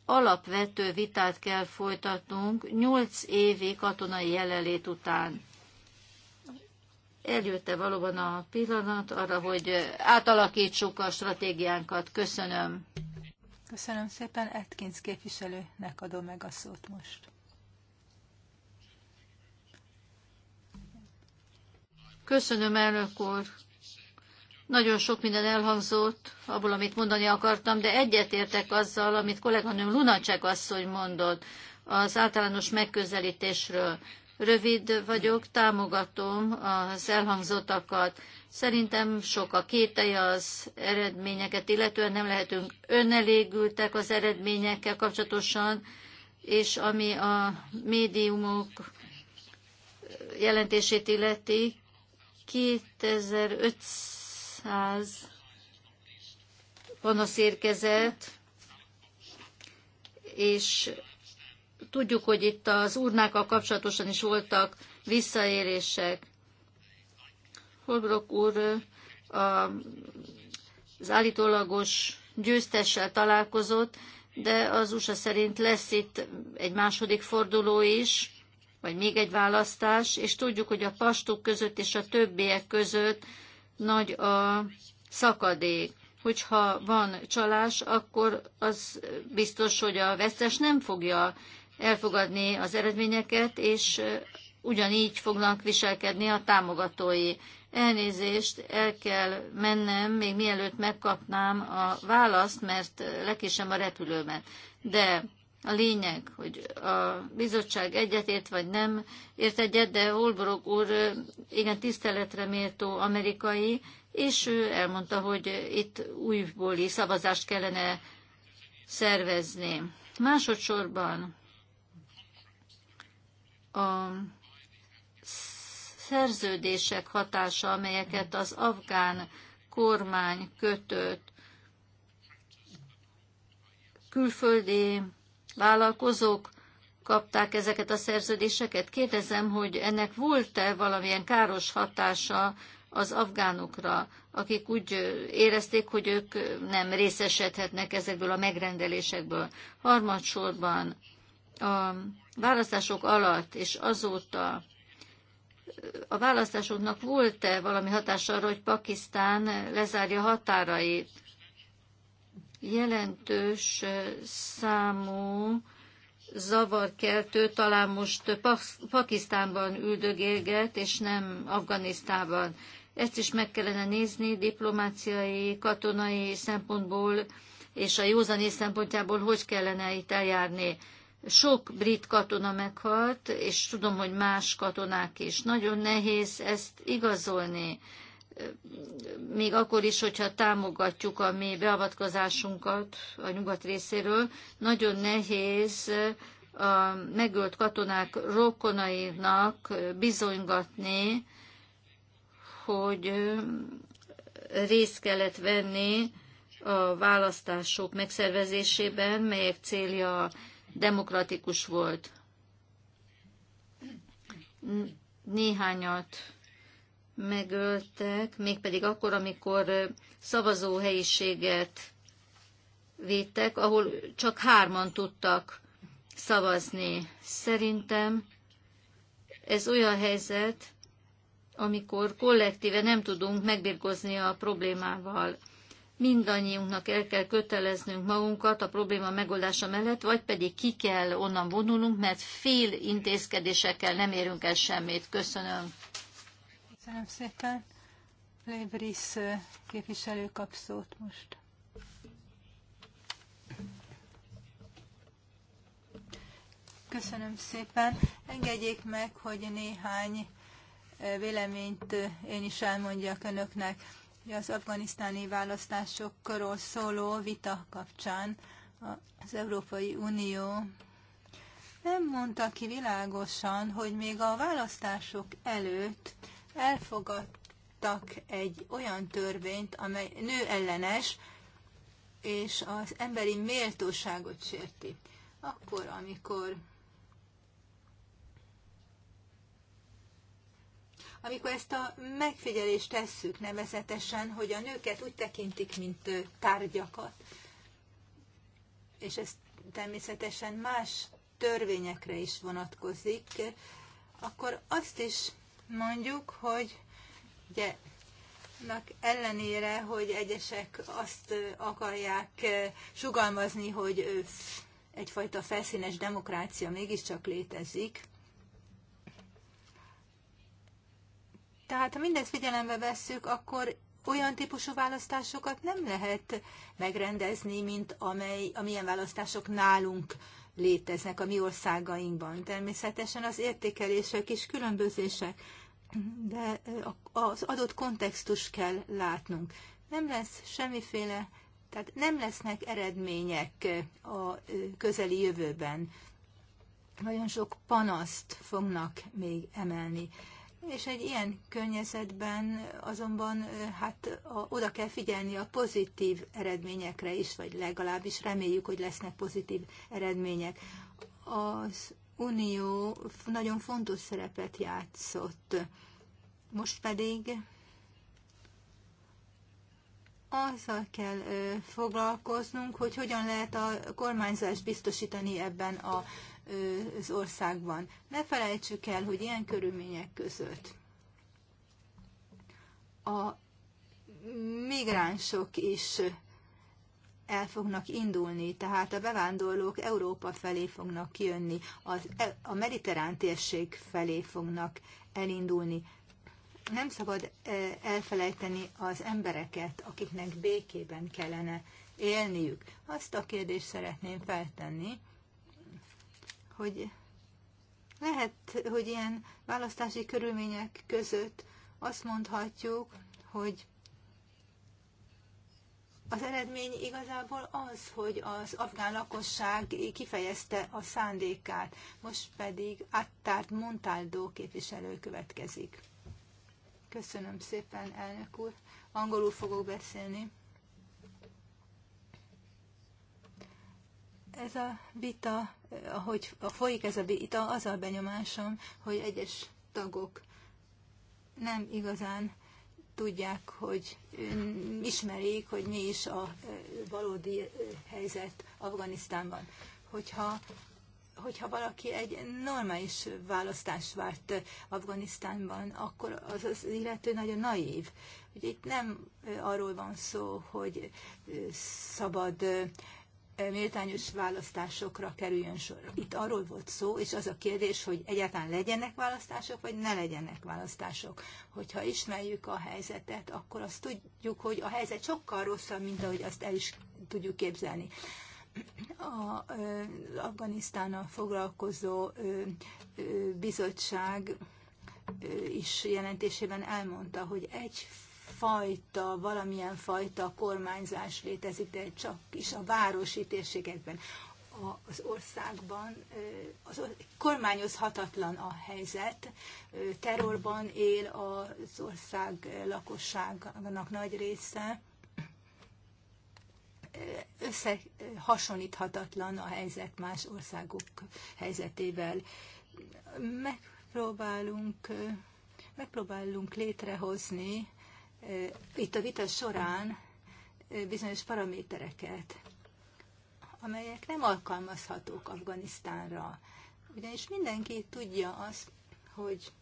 alapvető vitát kell folytatnunk nyolc évi katonai jelenlét után eljött-e valóban a pillanat arra, hogy átalakítsuk a stratégiánkat. Köszönöm. Köszönöm szépen. Atkins képviselőnek adom meg a szót most. Köszönöm, elnök úr. Nagyon sok minden elhangzott abból, amit mondani akartam, de egyetértek azzal, amit kolléganőm Lunacek asszony mondott az általános megközelítésről rövid vagyok, támogatom az elhangzottakat. Szerintem sok a kételje az eredményeket, illetően nem lehetünk önelégültek az eredményekkel kapcsolatosan, és ami a médiumok jelentését illeti, 2500 panasz érkezett, és Tudjuk, hogy itt az urnákkal kapcsolatosan is voltak visszaélések. Holbrok úr az állítólagos győztessel találkozott, de az USA szerint lesz itt egy második forduló is, vagy még egy választás, és tudjuk, hogy a pastuk között és a többiek között nagy a szakadék. Hogyha van csalás, akkor az biztos, hogy a vesztes nem fogja elfogadni az eredményeket, és ugyanígy fognak viselkedni a támogatói. Elnézést, el kell mennem, még mielőtt megkapnám a választ, mert lekésem a repülőmet. De a lényeg, hogy a bizottság egyetért vagy nem ért egyet, de Holbrok úr igen tiszteletre méltó amerikai, és ő elmondta, hogy itt újbóli szavazást kellene szervezni. Másodszorban a szerződések hatása, amelyeket az afgán kormány kötött külföldi vállalkozók kapták ezeket a szerződéseket. Kérdezem, hogy ennek volt-e valamilyen káros hatása az afgánokra, akik úgy érezték, hogy ők nem részesedhetnek ezekből a megrendelésekből. Harmadsorban a választások alatt és azóta a választásoknak volt-e valami hatása arra, hogy Pakisztán lezárja határait? Jelentős eh, számú zavarkeltő talán most Pakisztánban üldögélget, és nem Afganisztánban. Ezt is meg kellene nézni diplomáciai, katonai szempontból, és a józanész szempontjából hogy kellene itt eljárni. Sok brit katona meghalt, és tudom, hogy más katonák is. Nagyon nehéz ezt igazolni, még akkor is, hogyha támogatjuk a mi beavatkozásunkat a nyugat részéről. Nagyon nehéz a megölt katonák rokonainak bizonygatni, hogy részt kellett venni a választások megszervezésében, melyek célja demokratikus volt. Néhányat megöltek, mégpedig akkor, amikor szavazóhelyiséget védtek, ahol csak hárman tudtak szavazni. Szerintem ez olyan helyzet, amikor kollektíve nem tudunk megbirkozni a problémával mindannyiunknak el kell köteleznünk magunkat a probléma megoldása mellett, vagy pedig ki kell onnan vonulnunk, mert fél intézkedésekkel nem érünk el semmit. Köszönöm. Köszönöm szépen. Lébris képviselő kap szót most. Köszönöm szépen. Engedjék meg, hogy néhány véleményt én is elmondjak önöknek az afganisztáni választásokról szóló vita kapcsán az Európai Unió nem mondta ki világosan, hogy még a választások előtt elfogadtak egy olyan törvényt, amely nő ellenes, és az emberi méltóságot sérti. Akkor, amikor amikor ezt a megfigyelést tesszük nevezetesen, hogy a nőket úgy tekintik, mint tárgyakat, és ez természetesen más törvényekre is vonatkozik, akkor azt is mondjuk, hogy ugye annak ellenére, hogy egyesek azt akarják sugalmazni, hogy egyfajta felszínes demokrácia mégiscsak létezik, Tehát ha mindezt figyelembe vesszük, akkor olyan típusú választásokat nem lehet megrendezni, mint amely, amilyen választások nálunk léteznek a mi országainkban. Természetesen az értékelések is különbözések, de az adott kontextus kell látnunk. Nem lesz semmiféle, tehát nem lesznek eredmények a közeli jövőben. Nagyon sok panaszt fognak még emelni és egy ilyen környezetben azonban hát a, oda kell figyelni a pozitív eredményekre is, vagy legalábbis reméljük, hogy lesznek pozitív eredmények. Az Unió nagyon fontos szerepet játszott. Most pedig azzal kell foglalkoznunk, hogy hogyan lehet a kormányzást biztosítani ebben a az országban. Ne felejtsük el, hogy ilyen körülmények között a migránsok is el fognak indulni, tehát a bevándorlók Európa felé fognak jönni, az, e, a mediterrán térség felé fognak elindulni. Nem szabad elfelejteni az embereket, akiknek békében kellene élniük. Azt a kérdést szeretném feltenni, hogy lehet, hogy ilyen választási körülmények között azt mondhatjuk, hogy az eredmény igazából az, hogy az afgán lakosság kifejezte a szándékát, most pedig Attárt Montaldo képviselő következik. Köszönöm szépen, elnök úr. Angolul fogok beszélni. ez a vita, ahogy folyik ez a vita, az a benyomásom, hogy egyes tagok nem igazán tudják, hogy ismerik, hogy mi is a valódi helyzet Afganisztánban. Hogyha, hogyha valaki egy normális választás várt Afganisztánban, akkor az, az illető nagyon naív. Ugye itt nem arról van szó, hogy szabad méltányos választásokra kerüljön sor. Itt arról volt szó, és az a kérdés, hogy egyáltalán legyenek választások, vagy ne legyenek választások. Hogyha ismerjük a helyzetet, akkor azt tudjuk, hogy a helyzet sokkal rosszabb, mint ahogy azt el is tudjuk képzelni. A, az Afganisztánnal foglalkozó bizottság is jelentésében elmondta, hogy egy fajta, valamilyen fajta kormányzás létezik, de csak is a városi térségekben. Az országban az kormányozhatatlan a helyzet, terrorban él az ország lakosságának nagy része, összehasonlíthatatlan a helyzet más országok helyzetével. Megpróbálunk, megpróbálunk létrehozni itt a vita során bizonyos paramétereket, amelyek nem alkalmazhatók Afganisztánra. Ugyanis mindenki tudja azt, hogy,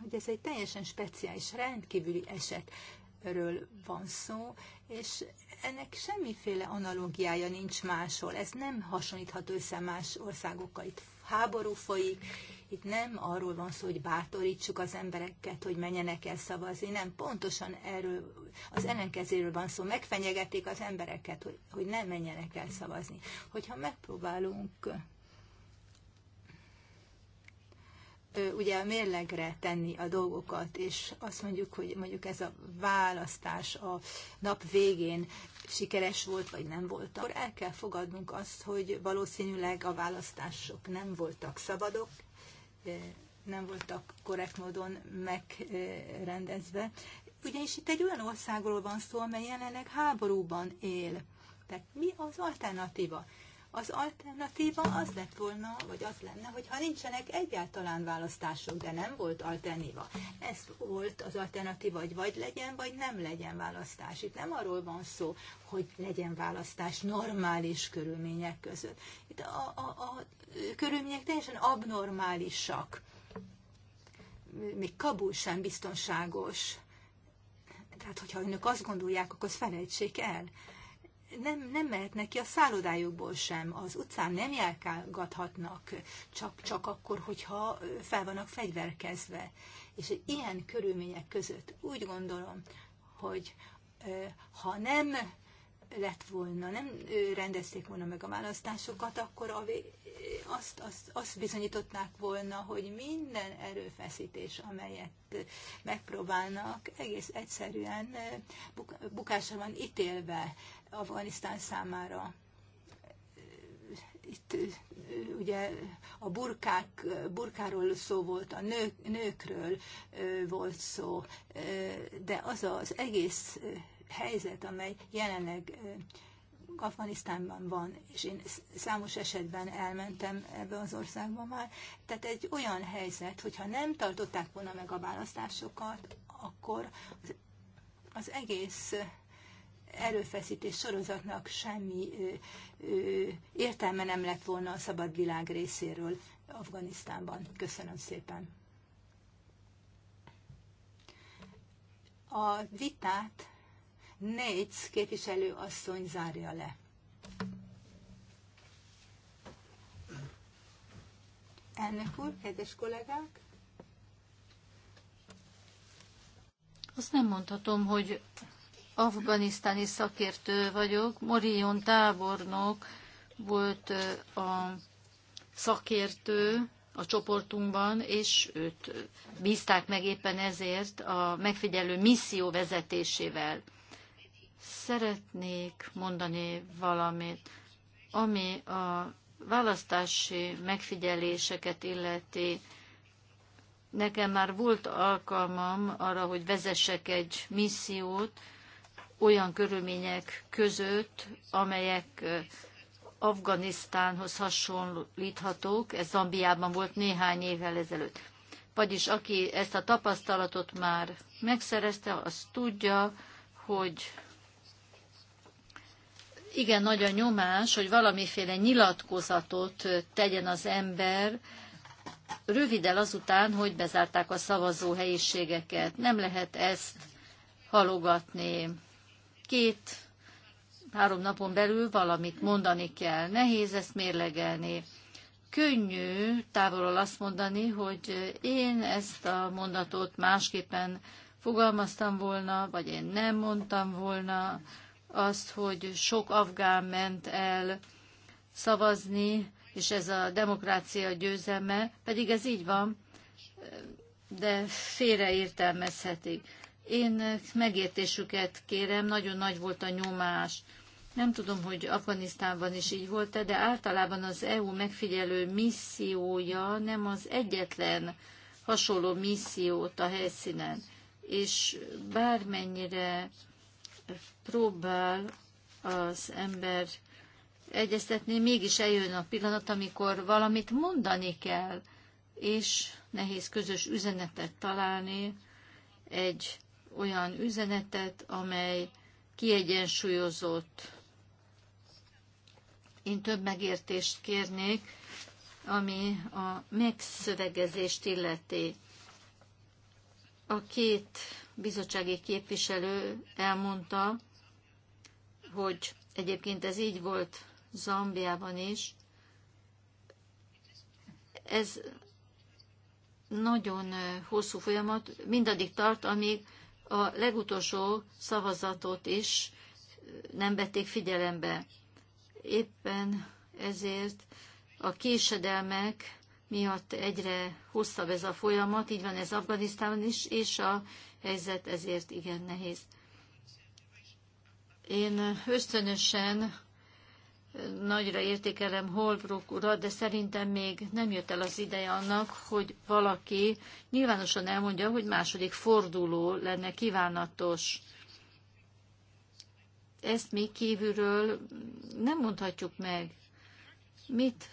hogy ez egy teljesen speciális, rendkívüli esetről van szó, és ennek semmiféle analógiája nincs máshol. Ez nem hasonlítható össze más országokkal. Itt háború folyik, itt nem arról van szó, hogy bátorítsuk az embereket, hogy menjenek el szavazni, nem, pontosan erről, az ellenkezéről van szó. Megfenyegetik az embereket, hogy, hogy nem menjenek el szavazni. Hogyha megpróbálunk ugye a mérlegre tenni a dolgokat, és azt mondjuk, hogy mondjuk ez a választás a nap végén sikeres volt, vagy nem volt, akkor el kell fogadnunk azt, hogy valószínűleg a választások nem voltak szabadok, nem voltak korrekt módon megrendezve. Ugyanis itt egy olyan országról van szó, amely jelenleg háborúban él. Tehát mi az alternatíva? Az alternatíva az lett volna, vagy az lenne, hogy ha nincsenek egyáltalán választások, de nem volt alternatíva. Ez volt az alternatíva, hogy vagy legyen, vagy nem legyen választás. Itt nem arról van szó, hogy legyen választás normális körülmények között. Itt a, a, a körülmények teljesen abnormálisak. Még Kabul sem biztonságos. Tehát, hogyha önök azt gondolják, akkor azt felejtsék el nem, nem mehetnek ki a szállodájukból sem, az utcán nem járkálgathatnak, csak, csak akkor, hogyha fel vannak fegyverkezve. És ilyen körülmények között úgy gondolom, hogy ha nem lett volna, nem rendezték volna meg a választásokat, akkor a, azt, azt, azt bizonyították volna, hogy minden erőfeszítés, amelyet megpróbálnak, egész egyszerűen bukásra van ítélve. Afganisztán számára. Itt ugye a burkák, burkáról szó volt, a nők, nőkről volt szó, de az az egész helyzet, amely jelenleg Afganisztánban van, és én számos esetben elmentem ebbe az országba már. Tehát egy olyan helyzet, hogyha nem tartották volna meg a választásokat, akkor az, az egész erőfeszítés sorozatnak semmi értelme nem lett volna a szabad világ részéről Afganisztánban. Köszönöm szépen. A vitát Nates képviselő asszony zárja le. Elnök úr, kedves kollégák! Azt nem mondhatom, hogy afganisztáni szakértő vagyok, Morion tábornok volt a szakértő a csoportunkban, és őt bízták meg éppen ezért a megfigyelő misszió vezetésével. Szeretnék mondani valamit, ami a választási megfigyeléseket illeti. Nekem már volt alkalmam arra, hogy vezessek egy missziót, olyan körülmények között, amelyek Afganisztánhoz hasonlíthatók, ez Zambiában volt néhány évvel ezelőtt. Vagyis aki ezt a tapasztalatot már megszerezte, az tudja, hogy igen nagy a nyomás, hogy valamiféle nyilatkozatot tegyen az ember, röviddel azután, hogy bezárták a szavazó helyiségeket, Nem lehet ezt halogatni két három napon belül valamit mondani kell. Nehéz ezt mérlegelni. Könnyű távolról azt mondani, hogy én ezt a mondatot másképpen fogalmaztam volna, vagy én nem mondtam volna azt, hogy sok afgán ment el szavazni, és ez a demokrácia győzelme, pedig ez így van, de félreértelmezhetik. Én megértésüket kérem, nagyon nagy volt a nyomás. Nem tudom, hogy Afganisztánban is így volt-e, de általában az EU megfigyelő missziója nem az egyetlen hasonló missziót a helyszínen. És bármennyire próbál az ember egyeztetni, mégis eljön a pillanat, amikor valamit mondani kell, és nehéz közös üzenetet találni egy olyan üzenetet, amely kiegyensúlyozott. Én több megértést kérnék, ami a megszövegezést illeti. A két bizottsági képviselő elmondta, hogy egyébként ez így volt Zambiában is. Ez nagyon hosszú folyamat, mindaddig tart, amíg a legutolsó szavazatot is nem vették figyelembe. Éppen ezért a késedelmek miatt egyre hosszabb ez a folyamat, így van ez Afganisztánban is, és a helyzet ezért igen nehéz. Én ösztönösen nagyra értékelem Holbrook urat, de szerintem még nem jött el az ideje annak, hogy valaki nyilvánosan elmondja, hogy második forduló lenne kívánatos. Ezt mi kívülről nem mondhatjuk meg. Mit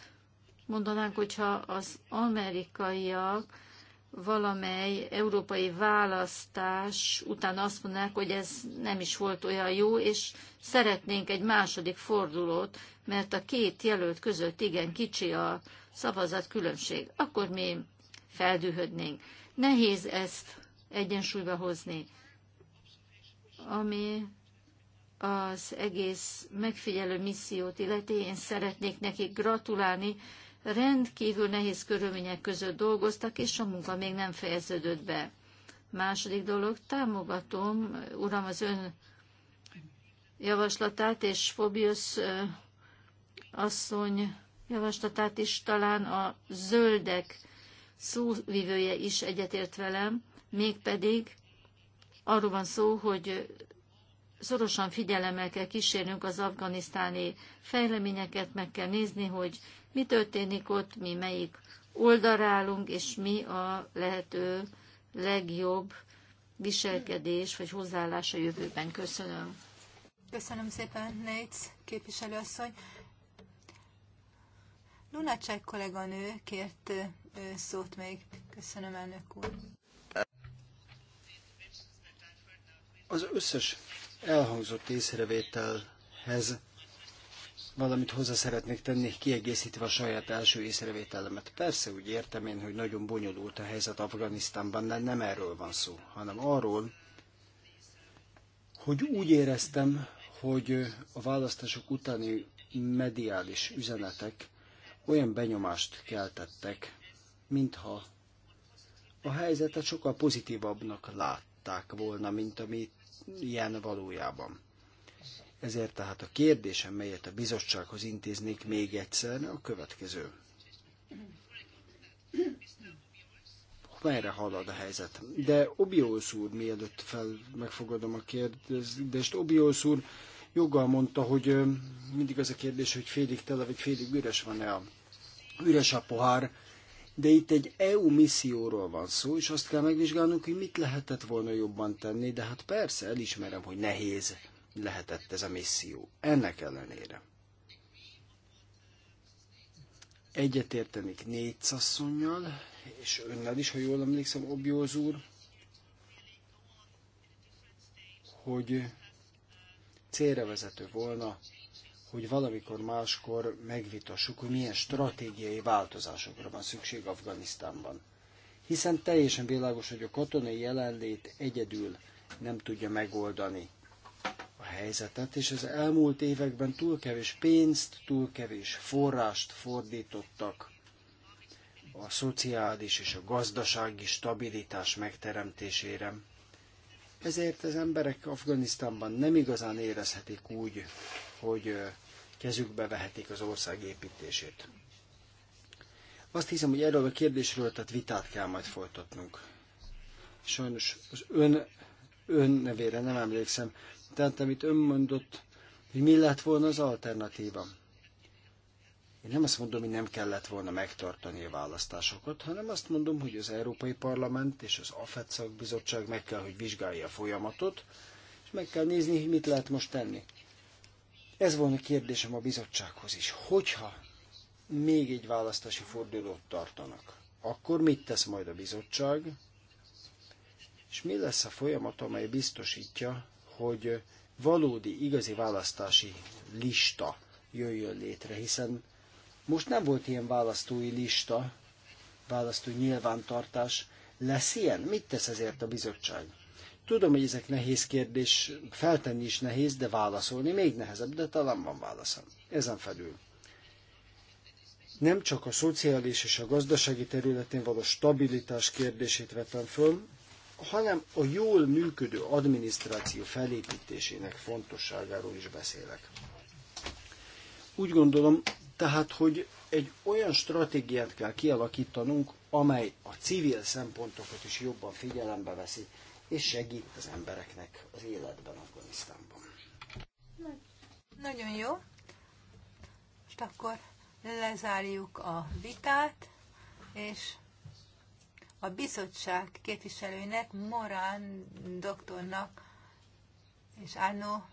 mondanánk, hogyha az amerikaiak valamely európai választás után azt mondanák, hogy ez nem is volt olyan jó, és szeretnénk egy második fordulót, mert a két jelölt között igen kicsi a szavazat különbség. Akkor mi feldühödnénk. Nehéz ezt egyensúlyba hozni, ami az egész megfigyelő missziót illeti. Én szeretnék nekik gratulálni, rendkívül nehéz körülmények között dolgoztak, és a munka még nem fejeződött be. Második dolog, támogatom, uram, az ön javaslatát, és Fobius asszony javaslatát is, talán a zöldek szóvivője is egyetért velem, mégpedig arról van szó, hogy szorosan figyelemmel kell kísérnünk az afganisztáni fejleményeket, meg kell nézni, hogy mi történik ott, mi melyik oldalrálunk, és mi a lehető legjobb viselkedés vagy hozzáállás a jövőben. Köszönöm. Köszönöm szépen, Nates képviselőasszony. Lunacek kolléganő kért szót még. Köszönöm, elnök úr. Az összes elhangzott észrevételhez valamit hozzá szeretnék tenni, kiegészítve a saját első észrevételemet. Persze úgy értem én, hogy nagyon bonyolult a helyzet Afganisztánban, de nem erről van szó, hanem arról, hogy úgy éreztem, hogy a választások utáni mediális üzenetek olyan benyomást keltettek, mintha a helyzetet sokkal pozitívabbnak látták volna, mint ami ilyen valójában. Ezért tehát a kérdésem, melyet a bizottsághoz intéznék még egyszer, a következő. Merre halad a helyzet? De Obiósz úr, mielőtt fel megfogadom a kérdést, Obiósz úr joggal mondta, hogy mindig az a kérdés, hogy félig tele vagy félig üres van-e a üres a pohár, de itt egy EU misszióról van szó, és azt kell megvizsgálnunk, hogy mit lehetett volna jobban tenni, de hát persze, elismerem, hogy nehéz lehetett ez a misszió. Ennek ellenére egyetértenik négy szasszonyjal, és önnel is, ha jól emlékszem, Obióz úr, hogy célra vezető volna, hogy valamikor máskor megvitassuk, hogy milyen stratégiai változásokra van szükség Afganisztánban. Hiszen teljesen világos, hogy a katonai jelenlét egyedül nem tudja megoldani helyzetet, és az elmúlt években túl kevés pénzt, túl kevés forrást fordítottak a szociális és a gazdasági stabilitás megteremtésére. Ezért az emberek Afganisztánban nem igazán érezhetik úgy, hogy kezükbe vehetik az ország építését. Azt hiszem, hogy erről a kérdésről tehát vitát kell majd folytatnunk. Sajnos az ön, ön nevére nem emlékszem, tehát amit ön mondott, hogy mi lett volna az alternatíva. Én nem azt mondom, hogy nem kellett volna megtartani a választásokat, hanem azt mondom, hogy az Európai Parlament és az AFET szakbizottság meg kell, hogy vizsgálja a folyamatot, és meg kell nézni, hogy mit lehet most tenni. Ez volna kérdésem a bizottsághoz is. Hogyha még egy választási fordulót tartanak, akkor mit tesz majd a bizottság, és mi lesz a folyamat, amely biztosítja, hogy valódi, igazi választási lista jöjjön létre, hiszen most nem volt ilyen választói lista, választó nyilvántartás. Lesz ilyen? Mit tesz ezért a bizottság? Tudom, hogy ezek nehéz kérdés, feltenni is nehéz, de válaszolni még nehezebb, de talán van válaszom. Ezen felül. Nem csak a szociális és a gazdasági területén való stabilitás kérdését vetem föl, hanem a jól működő adminisztráció felépítésének fontosságáról is beszélek. Úgy gondolom, tehát, hogy egy olyan stratégiát kell kialakítanunk, amely a civil szempontokat is jobban figyelembe veszi, és segít az embereknek az életben Afganisztánban. Nagyon jó. És akkor lezárjuk a vitát, és a bizottság képviselőinek, Morán doktornak és Árnó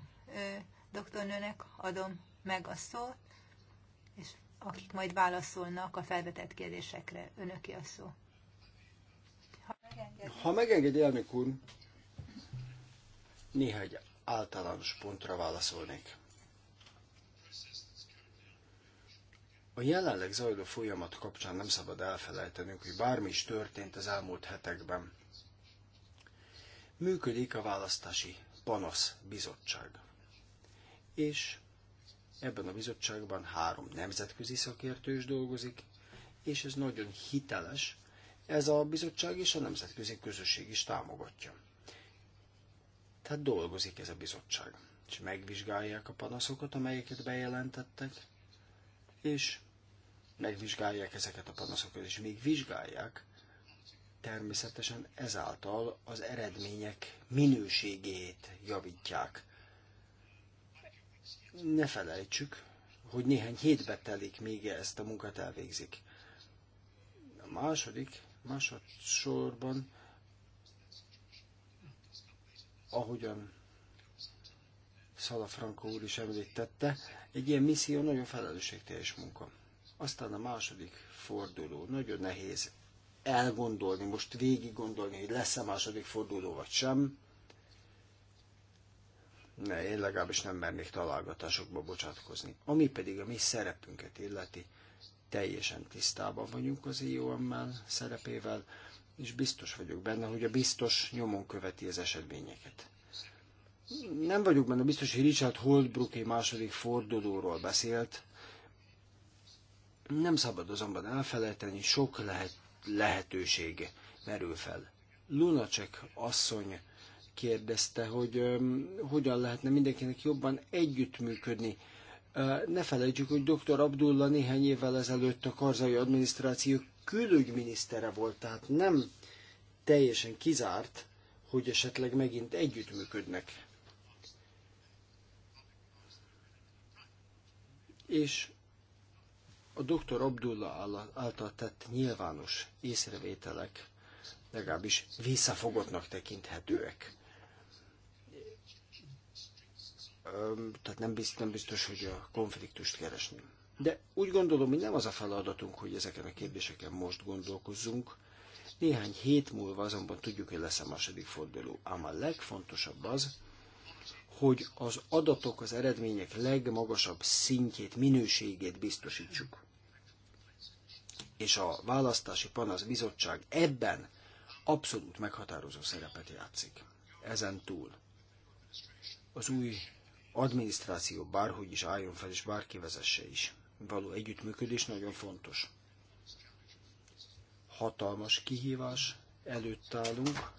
doktornőnek adom meg a szót, és akik majd válaszolnak a felvetett kérdésekre. Önöki a szó. Ha ha megengedi elnök úr, néhány általános pontra válaszolnék. A jelenleg zajló folyamat kapcsán nem szabad elfelejtenünk, hogy bármi is történt az elmúlt hetekben. Működik a választási panasz bizottság. És ebben a bizottságban három nemzetközi szakértő is dolgozik, és ez nagyon hiteles, ez a bizottság és a nemzetközi közösség is támogatja. Tehát dolgozik ez a bizottság, és megvizsgálják a panaszokat, amelyeket bejelentettek, és megvizsgálják ezeket a panaszokat, és még vizsgálják, természetesen ezáltal az eredmények minőségét javítják. Ne felejtsük, hogy néhány hétbe telik, még ezt a munkát elvégzik. A második, másodszorban, ahogyan Franco úr is említette, egy ilyen misszió nagyon felelősségteljes munka. Aztán a második forduló, nagyon nehéz elgondolni, most végig gondolni, hogy lesz-e második forduló vagy sem. Ne, én legalábbis nem mernék találgatásokba bocsátkozni. Ami pedig a mi szerepünket illeti, teljesen tisztában vagyunk az IOM-mel szerepével, és biztos vagyok benne, hogy a biztos nyomon követi az eseményeket nem vagyok benne biztos, hogy Richard egy második fordulóról beszélt. Nem szabad azonban elfelejteni, sok lehet, lehetőség merül fel. Lunacek asszony kérdezte, hogy um, hogyan lehetne mindenkinek jobban együttműködni. Uh, ne felejtsük, hogy dr. Abdullah néhány évvel ezelőtt a karzai adminisztráció külügyminisztere volt, tehát nem teljesen kizárt, hogy esetleg megint együttműködnek. és a doktor Abdullah által tett nyilvános észrevételek legalábbis visszafogottnak tekinthetőek. Tehát nem biztos, nem biztos, hogy a konfliktust keresni. De úgy gondolom, hogy nem az a feladatunk, hogy ezeken a kérdéseken most gondolkozzunk. Néhány hét múlva azonban tudjuk, hogy lesz a második forduló. Ám a legfontosabb az, hogy az adatok, az eredmények legmagasabb szintjét, minőségét biztosítsuk. És a Választási Panasz Bizottság ebben abszolút meghatározó szerepet játszik. Ezen túl az új adminisztráció bárhogy is álljon fel, és bárki vezesse is. Való együttműködés nagyon fontos. Hatalmas kihívás előtt állunk,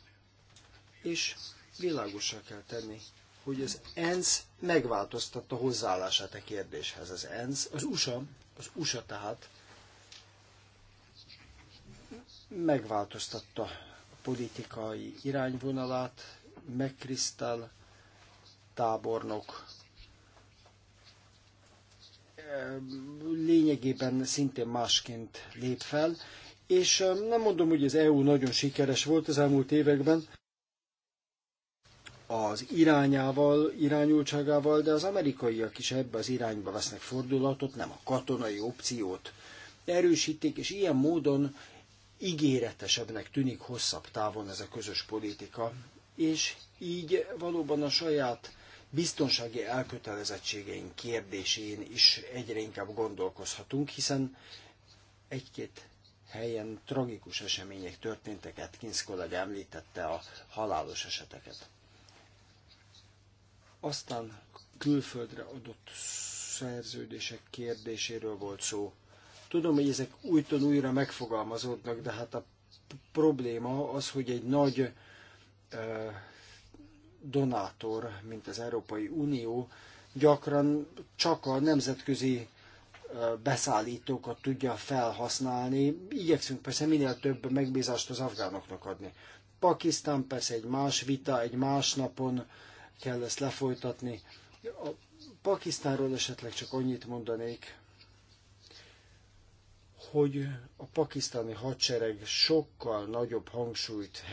és világosá kell tenni, hogy az ENSZ megváltoztatta hozzáállását a kérdéshez. Az ENSZ, az USA, az USA tehát megváltoztatta a politikai irányvonalát, megkristál tábornok lényegében szintén másként lép fel, és nem mondom, hogy az EU nagyon sikeres volt az elmúlt években, az irányával, irányultságával, de az amerikaiak is ebbe az irányba vesznek fordulatot, nem a katonai opciót erősítik, és ilyen módon ígéretesebbnek tűnik hosszabb távon ez a közös politika, és így valóban a saját biztonsági elkötelezettségeink kérdésén is egyre inkább gondolkozhatunk, hiszen egy-két helyen tragikus események történtek, Atkins kollega említette a halálos eseteket. Aztán külföldre adott szerződések kérdéséről volt szó. Tudom, hogy ezek újton újra megfogalmazódnak, de hát a probléma az, hogy egy nagy donátor, mint az Európai Unió, gyakran csak a nemzetközi beszállítókat tudja felhasználni. Igyekszünk persze minél több megbízást az afgánoknak adni. Pakisztán persze egy más vita, egy más napon kell ezt lefolytatni. A Pakisztánról esetleg csak annyit mondanék, hogy a pakisztáni hadsereg sokkal nagyobb hangsúlyt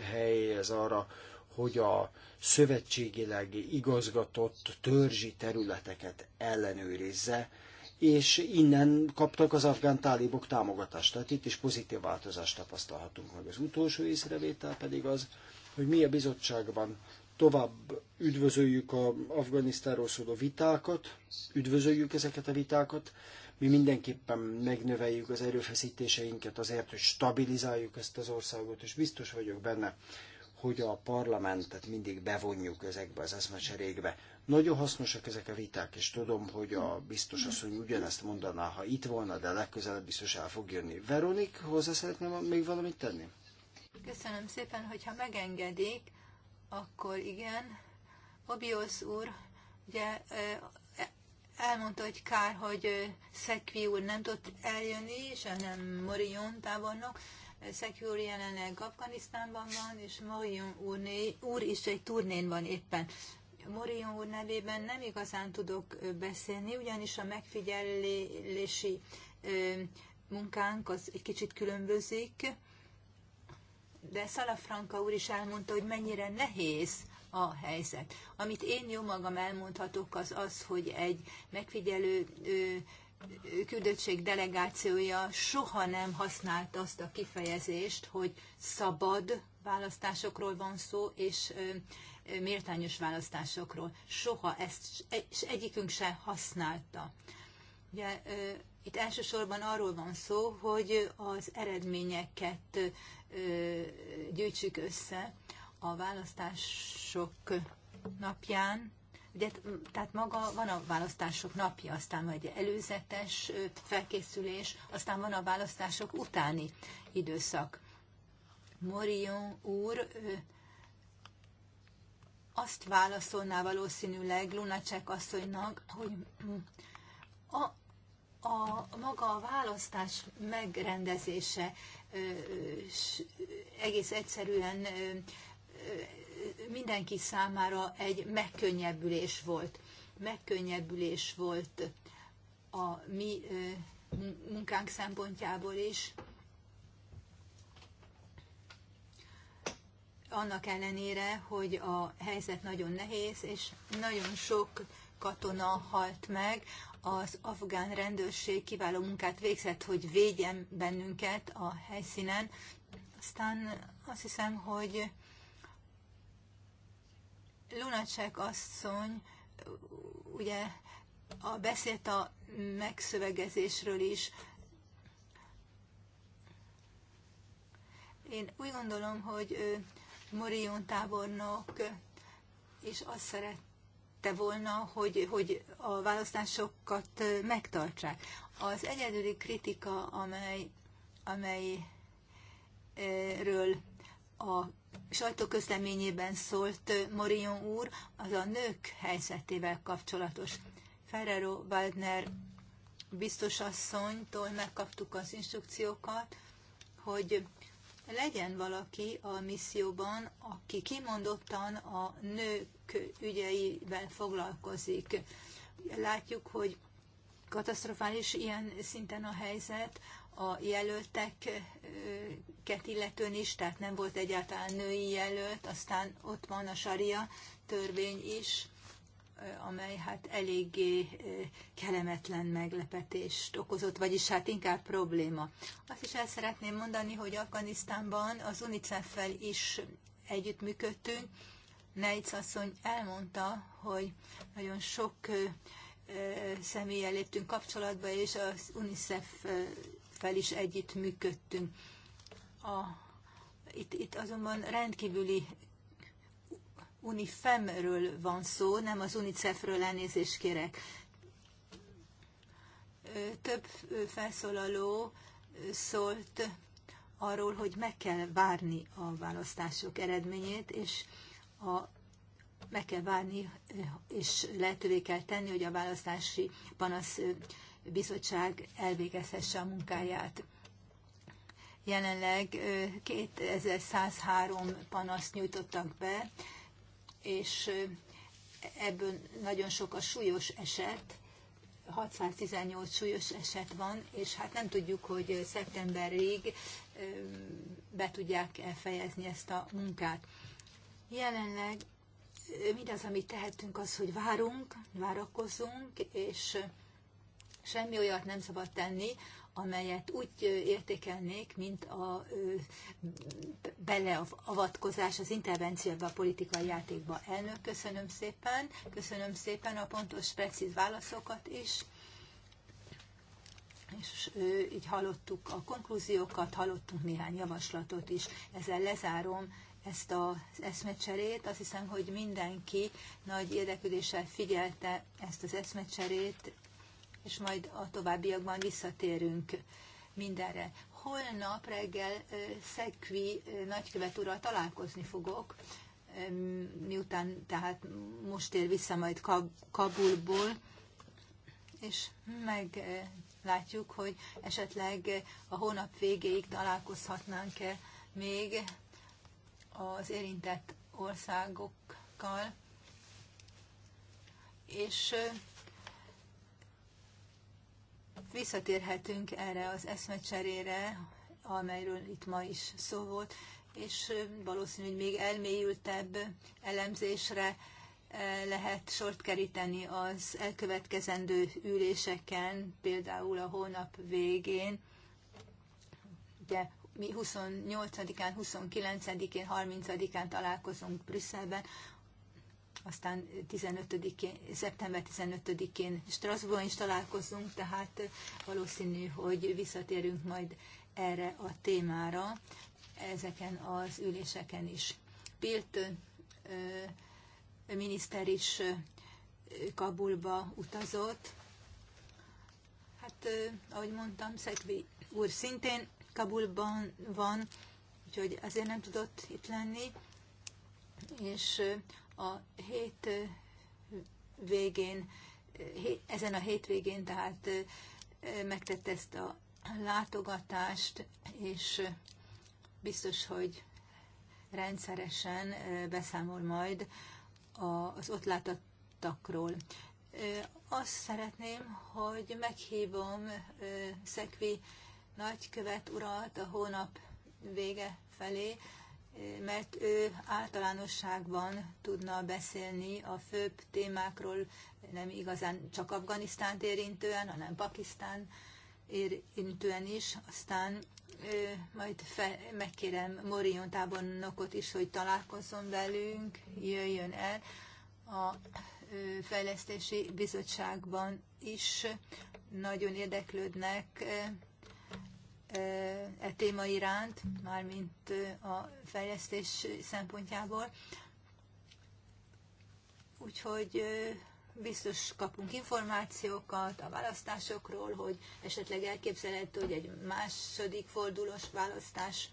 helyez arra, hogy a szövetségileg igazgatott törzsi területeket ellenőrizze, és innen kaptak az afgán tálibok támogatást. Tehát itt is pozitív változást tapasztalhatunk meg. Az utolsó észrevétel pedig az, hogy mi a bizottságban Tovább üdvözöljük a Afganisztáról szóló vitákat, üdvözöljük ezeket a vitákat, mi mindenképpen megnöveljük az erőfeszítéseinket azért, hogy stabilizáljuk ezt az országot, és biztos vagyok benne, hogy a parlamentet mindig bevonjuk ezekbe az eszmecserékbe. Nagyon hasznosak ezek a viták, és tudom, hogy a biztos asszony ugyanezt mondaná, ha itt volna, de legközelebb biztos el fog jönni. Veronik, hozzá szeretném még valamit tenni? Köszönöm szépen, hogyha megengedik, akkor igen. Obiosz úr, ugye elmondta, hogy kár, hogy Szekvi úr nem tudott eljönni, és nem Morion tábornok. Szekvi úr jelenleg Afganisztánban van, és Morion úrné, úr is egy turnén van éppen. Morion úr nevében nem igazán tudok beszélni, ugyanis a megfigyelési munkánk az egy kicsit különbözik de Szalafranka úr is elmondta, hogy mennyire nehéz a helyzet. Amit én jó magam elmondhatok, az az, hogy egy megfigyelő küldöttség delegációja soha nem használt azt a kifejezést, hogy szabad választásokról van szó, és méltányos választásokról. Soha ezt, és egyikünk sem használta. Ugye, itt elsősorban arról van szó, hogy az eredményeket gyűjtsük össze a választások napján. Ugye, tehát maga van a választások napja, aztán van egy előzetes felkészülés, aztán van a választások utáni időszak. Morion úr azt válaszolná valószínűleg Lunacek asszonynak, hogy a, a maga a választás megrendezése egész egyszerűen mindenki számára egy megkönnyebbülés volt. Megkönnyebbülés volt a mi munkánk szempontjából is. Annak ellenére, hogy a helyzet nagyon nehéz, és nagyon sok katona halt meg az afgán rendőrség kiváló munkát végzett, hogy védjen bennünket a helyszínen. Aztán azt hiszem, hogy Lunacek asszony ugye a, beszélt a megszövegezésről is. Én úgy gondolom, hogy Morion tábornok és azt szeret tette volna, hogy, hogy a választásokat megtartsák. Az egyedüli kritika, amely, amelyről a sajtóközleményében szólt Morion úr, az a nők helyzetével kapcsolatos. Ferrero Waldner biztosasszonytól megkaptuk az instrukciókat, hogy legyen valaki a misszióban, aki kimondottan a nők ügyeivel foglalkozik. Látjuk, hogy katasztrofális ilyen szinten a helyzet a jelölteket illetően is, tehát nem volt egyáltalán női jelölt, aztán ott van a saria törvény is, amely hát eléggé kelemetlen meglepetést okozott, vagyis hát inkább probléma. Azt is el szeretném mondani, hogy Afganisztánban az UNICEF-fel is együttműködtünk, Neitz asszony elmondta, hogy nagyon sok személlyel léptünk kapcsolatba, és az UNICEF-fel is együtt működtünk. A, itt, itt azonban rendkívüli UNIFEM-ről van szó, nem az UNICEF-ről elnézést kérek. Több felszólaló szólt arról, hogy meg kell várni a választások eredményét, és a, meg kell várni, és lehetővé kell tenni, hogy a választási panasz bizottság elvégezhesse a munkáját. Jelenleg 2103 panaszt nyújtottak be, és ebből nagyon sok a súlyos eset, 618 súlyos eset van, és hát nem tudjuk, hogy szeptemberig be tudják fejezni ezt a munkát. Jelenleg mindaz, amit tehetünk, az, hogy várunk, várakozunk, és semmi olyat nem szabad tenni, amelyet úgy értékelnék, mint a beleavatkozás, az intervenció a politikai játékba. Elnök, köszönöm szépen, köszönöm szépen a pontos, precíz válaszokat is és így hallottuk a konklúziókat, hallottunk néhány javaslatot is. Ezzel lezárom ezt az eszmecserét. Azt hiszem, hogy mindenki nagy érdeklődéssel figyelte ezt az eszmecserét, és majd a továbbiakban visszatérünk mindenre. Holnap reggel Szekvi nagykövet ura, találkozni fogok, miután tehát most ér vissza majd Kabulból, és meg látjuk, hogy esetleg a hónap végéig találkozhatnánk-e még az érintett országokkal, és visszatérhetünk erre az eszmecserére, amelyről itt ma is szó volt, és valószínű, hogy még elmélyültebb elemzésre lehet sort keríteni az elkövetkezendő üléseken, például a hónap végén. Ugye mi 28-án, 29-én, 30-án találkozunk Brüsszelben, aztán 15 szeptember 15-én Strasbourgban is találkozunk, tehát valószínű, hogy visszatérünk majd erre a témára ezeken az üléseken is. Pilt miniszter is Kabulba utazott. Hát, ahogy mondtam, Szekvi úr szintén Kabulban van, úgyhogy ezért nem tudott itt lenni, és a hét végén, ezen a végén, tehát megtett ezt a látogatást, és biztos, hogy rendszeresen beszámol majd az ott látottakról. Azt szeretném, hogy meghívom Szekvi nagykövet urat a hónap vége felé, mert ő általánosságban tudna beszélni a főbb témákról, nem igazán csak Afganisztánt érintően, hanem Pakisztán érintően is, aztán majd fe, megkérem Morion tábornokot is, hogy találkozzon velünk, jöjjön el a fejlesztési bizottságban is. Nagyon érdeklődnek e téma iránt, mármint a fejlesztés szempontjából. Úgyhogy biztos kapunk információkat a választásokról, hogy esetleg elképzelhető, hogy egy második fordulós választás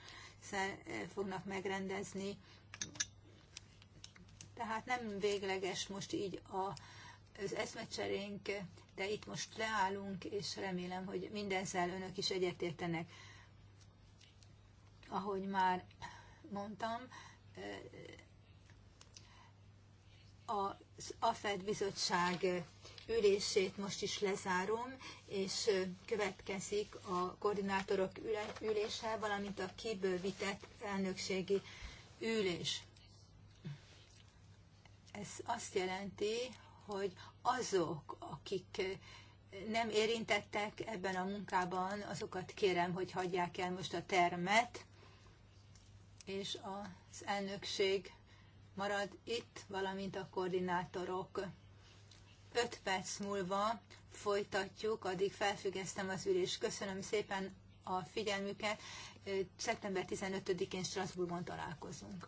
eh, fognak megrendezni. Tehát nem végleges most így a, az eszmecserénk, de itt most leállunk, és remélem, hogy minden önök is egyetértenek. Ahogy már mondtam, eh, a az AFED bizottság ülését most is lezárom, és következik a koordinátorok ülése, valamint a kibővített elnökségi ülés. Ez azt jelenti, hogy azok, akik nem érintettek ebben a munkában, azokat kérem, hogy hagyják el most a termet, és az elnökség marad itt, valamint a koordinátorok. 5 perc múlva folytatjuk, addig felfüggesztem az ülést. Köszönöm szépen a figyelmüket. Szeptember 15-én Strasbourgban találkozunk.